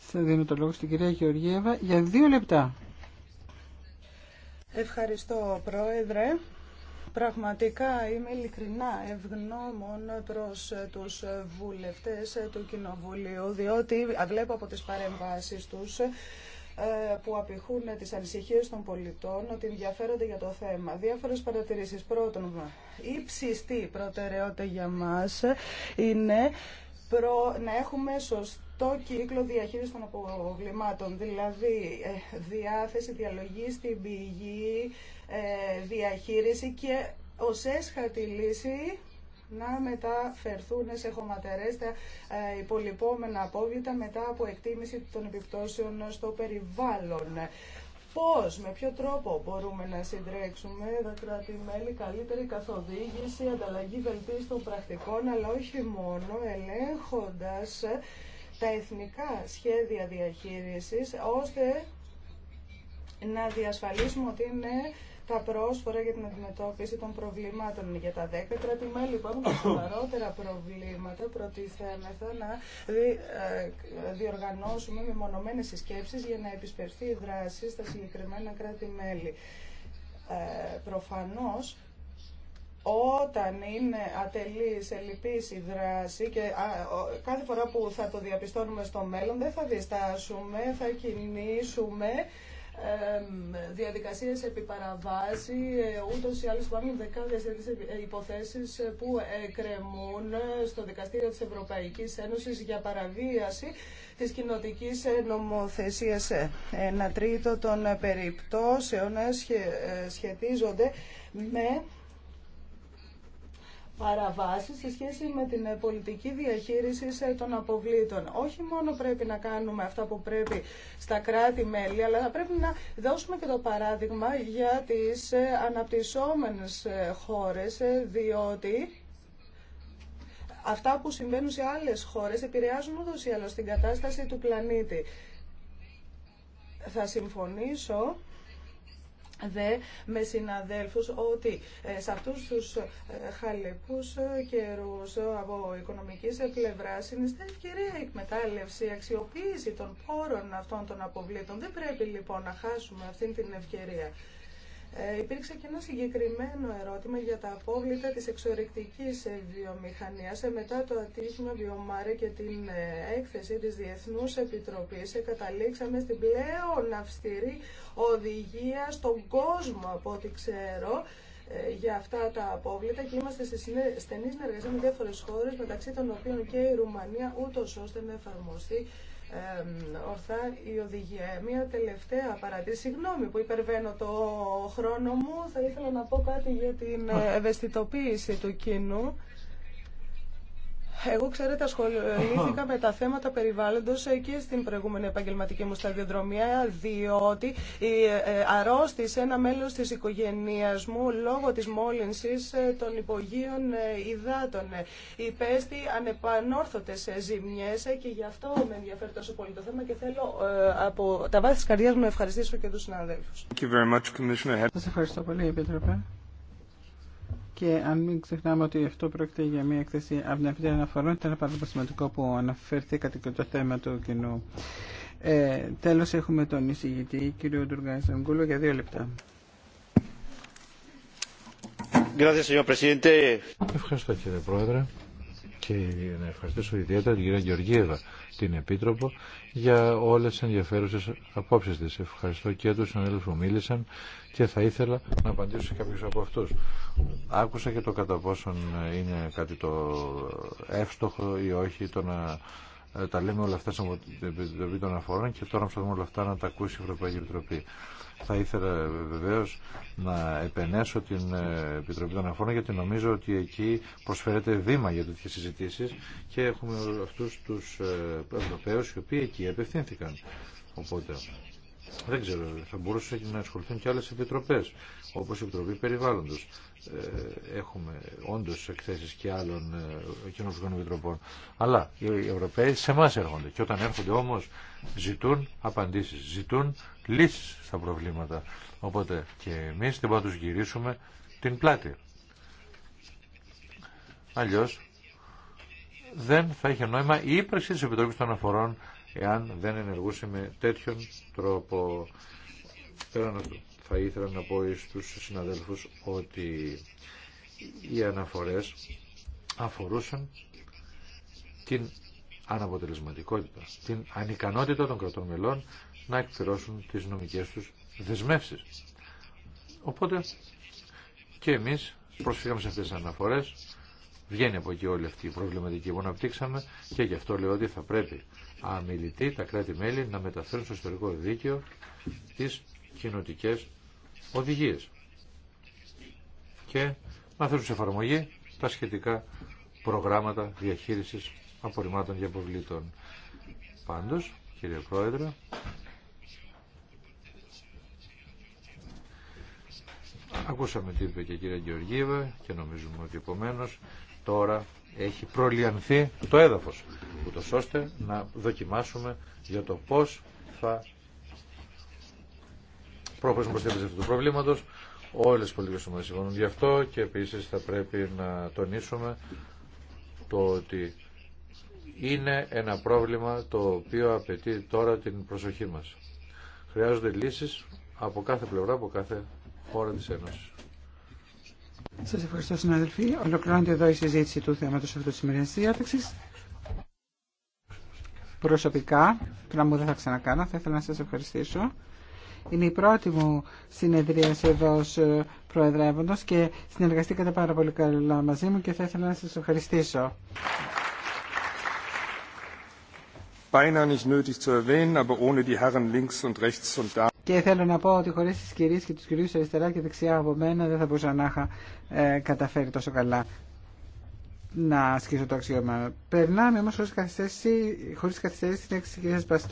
Θα δίνω το λόγο στην κυρία Γεωργίευα για δύο λεπτά. Ευχαριστώ, Πρόεδρε. Πραγματικά είμαι ειλικρινά ευγνώμων προς τους βουλευτές του Κοινοβουλίου, διότι βλέπω από τις παρεμβάσεις τους ε, που απηχούν τις ανησυχίες των πολιτών ότι ενδιαφέρονται για το θέμα. Διάφορες παρατηρήσεις. Πρώτον, η ψηστή προτεραιότητα για μας είναι προ... να έχουμε σωστό το κύκλο διαχείριση των αποβλημάτων, δηλαδή ε, διάθεση, διαλογή στην πηγή, ε, διαχείριση και ως έσχατη λύση να μεταφερθούν σε χωματερές τα ε, υπολοιπόμενα απόβλητα μετά από εκτίμηση των επιπτώσεων στο περιβάλλον. Πώς, με ποιο τρόπο μπορούμε να συντρέξουμε τα κράτη-μέλη, καλύτερη καθοδήγηση, ανταλλαγή βελτίστων πρακτικών, αλλά όχι μόνο, ελέγχοντας τα εθνικά σχέδια διαχείρισης, ώστε να διασφαλίσουμε ότι είναι τα πρόσφορα για την αντιμετώπιση των προβλημάτων. Για τα 10 κράτη-μέλη που έχουν σοβαρότερα προβλήματα, προτιθέμεθα να ε, διοργανώσουμε μεμονωμένες συσκέψεις για να επισπευθεί η δράση στα συγκεκριμένα κράτη-μέλη. Ε, προφανώς όταν είναι ατελής, ελλειπής η δράση και κάθε φορά που θα το διαπιστώνουμε στο μέλλον δεν θα διστάσουμε, θα κινήσουμε διαδικασίες επιπαραβάσει παραβάση, ε, ούτως ή άλλω, υπάρχουν δεκάδες ε, υποθέσεις ε, που εκκρεμούν στο Δικαστήριο της Ευρωπαϊκής Ένωσης για παραβίαση της κοινοτικής νομοθεσίας. Ένα τρίτο των περιπτώσεων σχετίζονται με παραβάσεις σε σχέση με την ε, πολιτική διαχείριση ε, των αποβλήτων. Όχι μόνο πρέπει να κάνουμε αυτά που πρέπει στα κράτη-μέλη, αλλά θα πρέπει να δώσουμε και το παράδειγμα για τις ε, αναπτυσσόμενες χώρες, διότι αυτά που συμβαίνουν σε άλλες χώρες επηρεάζουν ούτως ή άλλως την κατάσταση του πλανήτη. Θα συμφωνήσω δε με συναδέλφους ότι ε, σε αυτούς τους ε, χαλεπούς ε, καιρούς από οικονομικής πλευράς είναι στην ευκαιρία εκμετάλλευση, αξιοποίηση των πόρων αυτών των αποβλήτων. Δεν πρέπει λοιπόν να χάσουμε αυτή την ευκαιρία. Ε, υπήρξε και ένα συγκεκριμένο ερώτημα για τα απόβλητα της εξορρυκτικής ε, βιομηχανίας ε, μετά το ατύχημα βιομάρε και την έκθεση της Διεθνούς Επιτροπής. Καταλήξαμε στην πλέον αυστηρή οδηγία στον κόσμο, από ό,τι ξέρω, για αυτά τα απόβλητα και είμαστε σε στενή συνεργασία με διάφορες χώρες, μεταξύ των οποίων και η Ρουμανία, ούτως ώστε να εφαρμοστεί ορθά η οδηγία. Ε, μία τελευταία παρατήρηση. Συγγνώμη που υπερβαίνω το χρόνο μου. Θα ήθελα να πω κάτι για την ε, ευαισθητοποίηση του κοινού. Εγώ, ξέρετε, ασχολήθηκα με τα θέματα περιβάλλοντος ε, και στην προηγούμενη επαγγελματική μου σταδιοδρομία, διότι ε, ε, αρρώστησε ένα μέλος της οικογένειας μου λόγω της μόλυνσης των υπογείων υδάτων. Υπέστη ανεπανόρθωτες ζημιές και γι' αυτό με ενδιαφέρει τόσο πολύ το θέμα και θέλω από τα βάθη της καρδιάς μου να ευχαριστήσω και τους συναδέλφους. Σας ευχαριστώ πολύ, Επίτροπε. Και αν μην ξεχνάμε ότι αυτό πρόκειται για μια εκθέση αυναυτή αναφορών, ήταν πάρα πολύ σημαντικό που αναφερθήκατε και το θέμα του κοινού. Ε, τέλος έχουμε τον εισηγητή, κύριο Ντουργάνη Σταγκούλο, για δύο λεπτά. Ευχαριστώ κύριε Πρόεδρε και να ευχαριστήσω ιδιαίτερα την κυρία Γεωργίευα, την Επίτροπο, για όλες τι ενδιαφέρουσες απόψεις τη. Ευχαριστώ και τους συναδέλφου που μίλησαν και θα ήθελα να απαντήσω σε κάποιου από αυτούς. Άκουσα και το κατά πόσον είναι κάτι το εύστοχο ή όχι το να ε, τα λέμε όλα αυτά στην Επιτροπή των Αφορών και τώρα ψάχνουμε όλα αυτά να τα ακούσει η Ευρωπαϊκή Επιτροπή. Θα ήθελα βεβαίω να επενέσω την ε, Επιτροπή των Αφώνων γιατί νομίζω ότι εκεί προσφέρεται βήμα για τέτοιε συζητήσει και έχουμε αυτού του ε, Ευρωπαίου οι οποίοι εκεί απευθύνθηκαν. Οπότε δεν ξέρω, θα μπορούσε να ασχοληθούν και άλλε επιτροπέ, όπω η Επιτροπή Περιβάλλοντος. Ε, έχουμε όντω εκθέσει και άλλων ε, επιτροπών. Αλλά οι Ευρωπαίοι σε εμά έρχονται. Και όταν έρχονται όμω ζητούν απαντήσει ζητούν λύσεις στα προβλήματα. Οπότε και εμείς δεν μπορούμε τους γυρίσουμε την πλάτη. Αλλιώς δεν θα είχε νόημα η ύπαρξη της Επιτροπής των αναφορών εάν δεν ενεργούσε με τέτοιον τρόπο. θα ήθελα να πω στους συναδέλφους ότι οι αναφορές αφορούσαν την αναποτελεσματικότητα, την ανικανότητα των κρατών μελών να εκπληρώσουν τις νομικές τους δεσμεύσεις. Οπότε και εμείς προσφύγαμε σε αυτές τις αναφορές, βγαίνει από εκεί όλη αυτή η προβληματική που αναπτύξαμε και γι' αυτό λέω ότι θα πρέπει αμιλητοί τα κράτη-μέλη να μεταφέρουν στο ιστορικό δίκαιο τις κοινοτικές οδηγίες και να θέσουν σε εφαρμογή τα σχετικά προγράμματα διαχείρισης απορριμμάτων και αποβλήτων. Πάντως, κύριε Πρόεδρε, Ακούσαμε τι είπε και η κυρία Γεωργίβα και νομίζουμε ότι επομένω τώρα έχει προλιανθεί το έδαφος ούτως ώστε να δοκιμάσουμε για το πώς θα προχωρήσουμε προς την αυτού του προβλήματος όλες οι πολιτικές ομάδες συμφωνούν γι' αυτό και επίσης θα πρέπει να τονίσουμε το ότι είναι ένα πρόβλημα το οποίο απαιτεί τώρα την προσοχή μας. Χρειάζονται λύσεις από κάθε πλευρά, από κάθε χώρα Σας ευχαριστώ συναδελφοί. Ολοκληρώνεται εδώ η συζήτηση του θέματος αυτού της σημερινής διάταξης. Προσωπικά, πράγμα μου δεν θα ξανακάνω, θα ήθελα να σας ευχαριστήσω. Είναι η πρώτη μου συνεδρία εδώ ως ε, προεδρεύοντος και συνεργαστήκατε πάρα πολύ καλά μαζί μου και θα ήθελα να σας ευχαριστήσω beinahe nicht nötig zu erwähnen, aber ohne die Herren links und rechts und da. Και θέλω να πω ότι χωρίς τις κυρίες και τους κυρίους αριστερά και δεξιά από μένα δεν θα μπορούσα να είχα ε, καταφέρει τόσο καλά να ασκήσω το αξίωμα. Περνάμε όμως χωρίς καθυστέρηση, χωρίς καθυστέρηση στην έξι κυρίας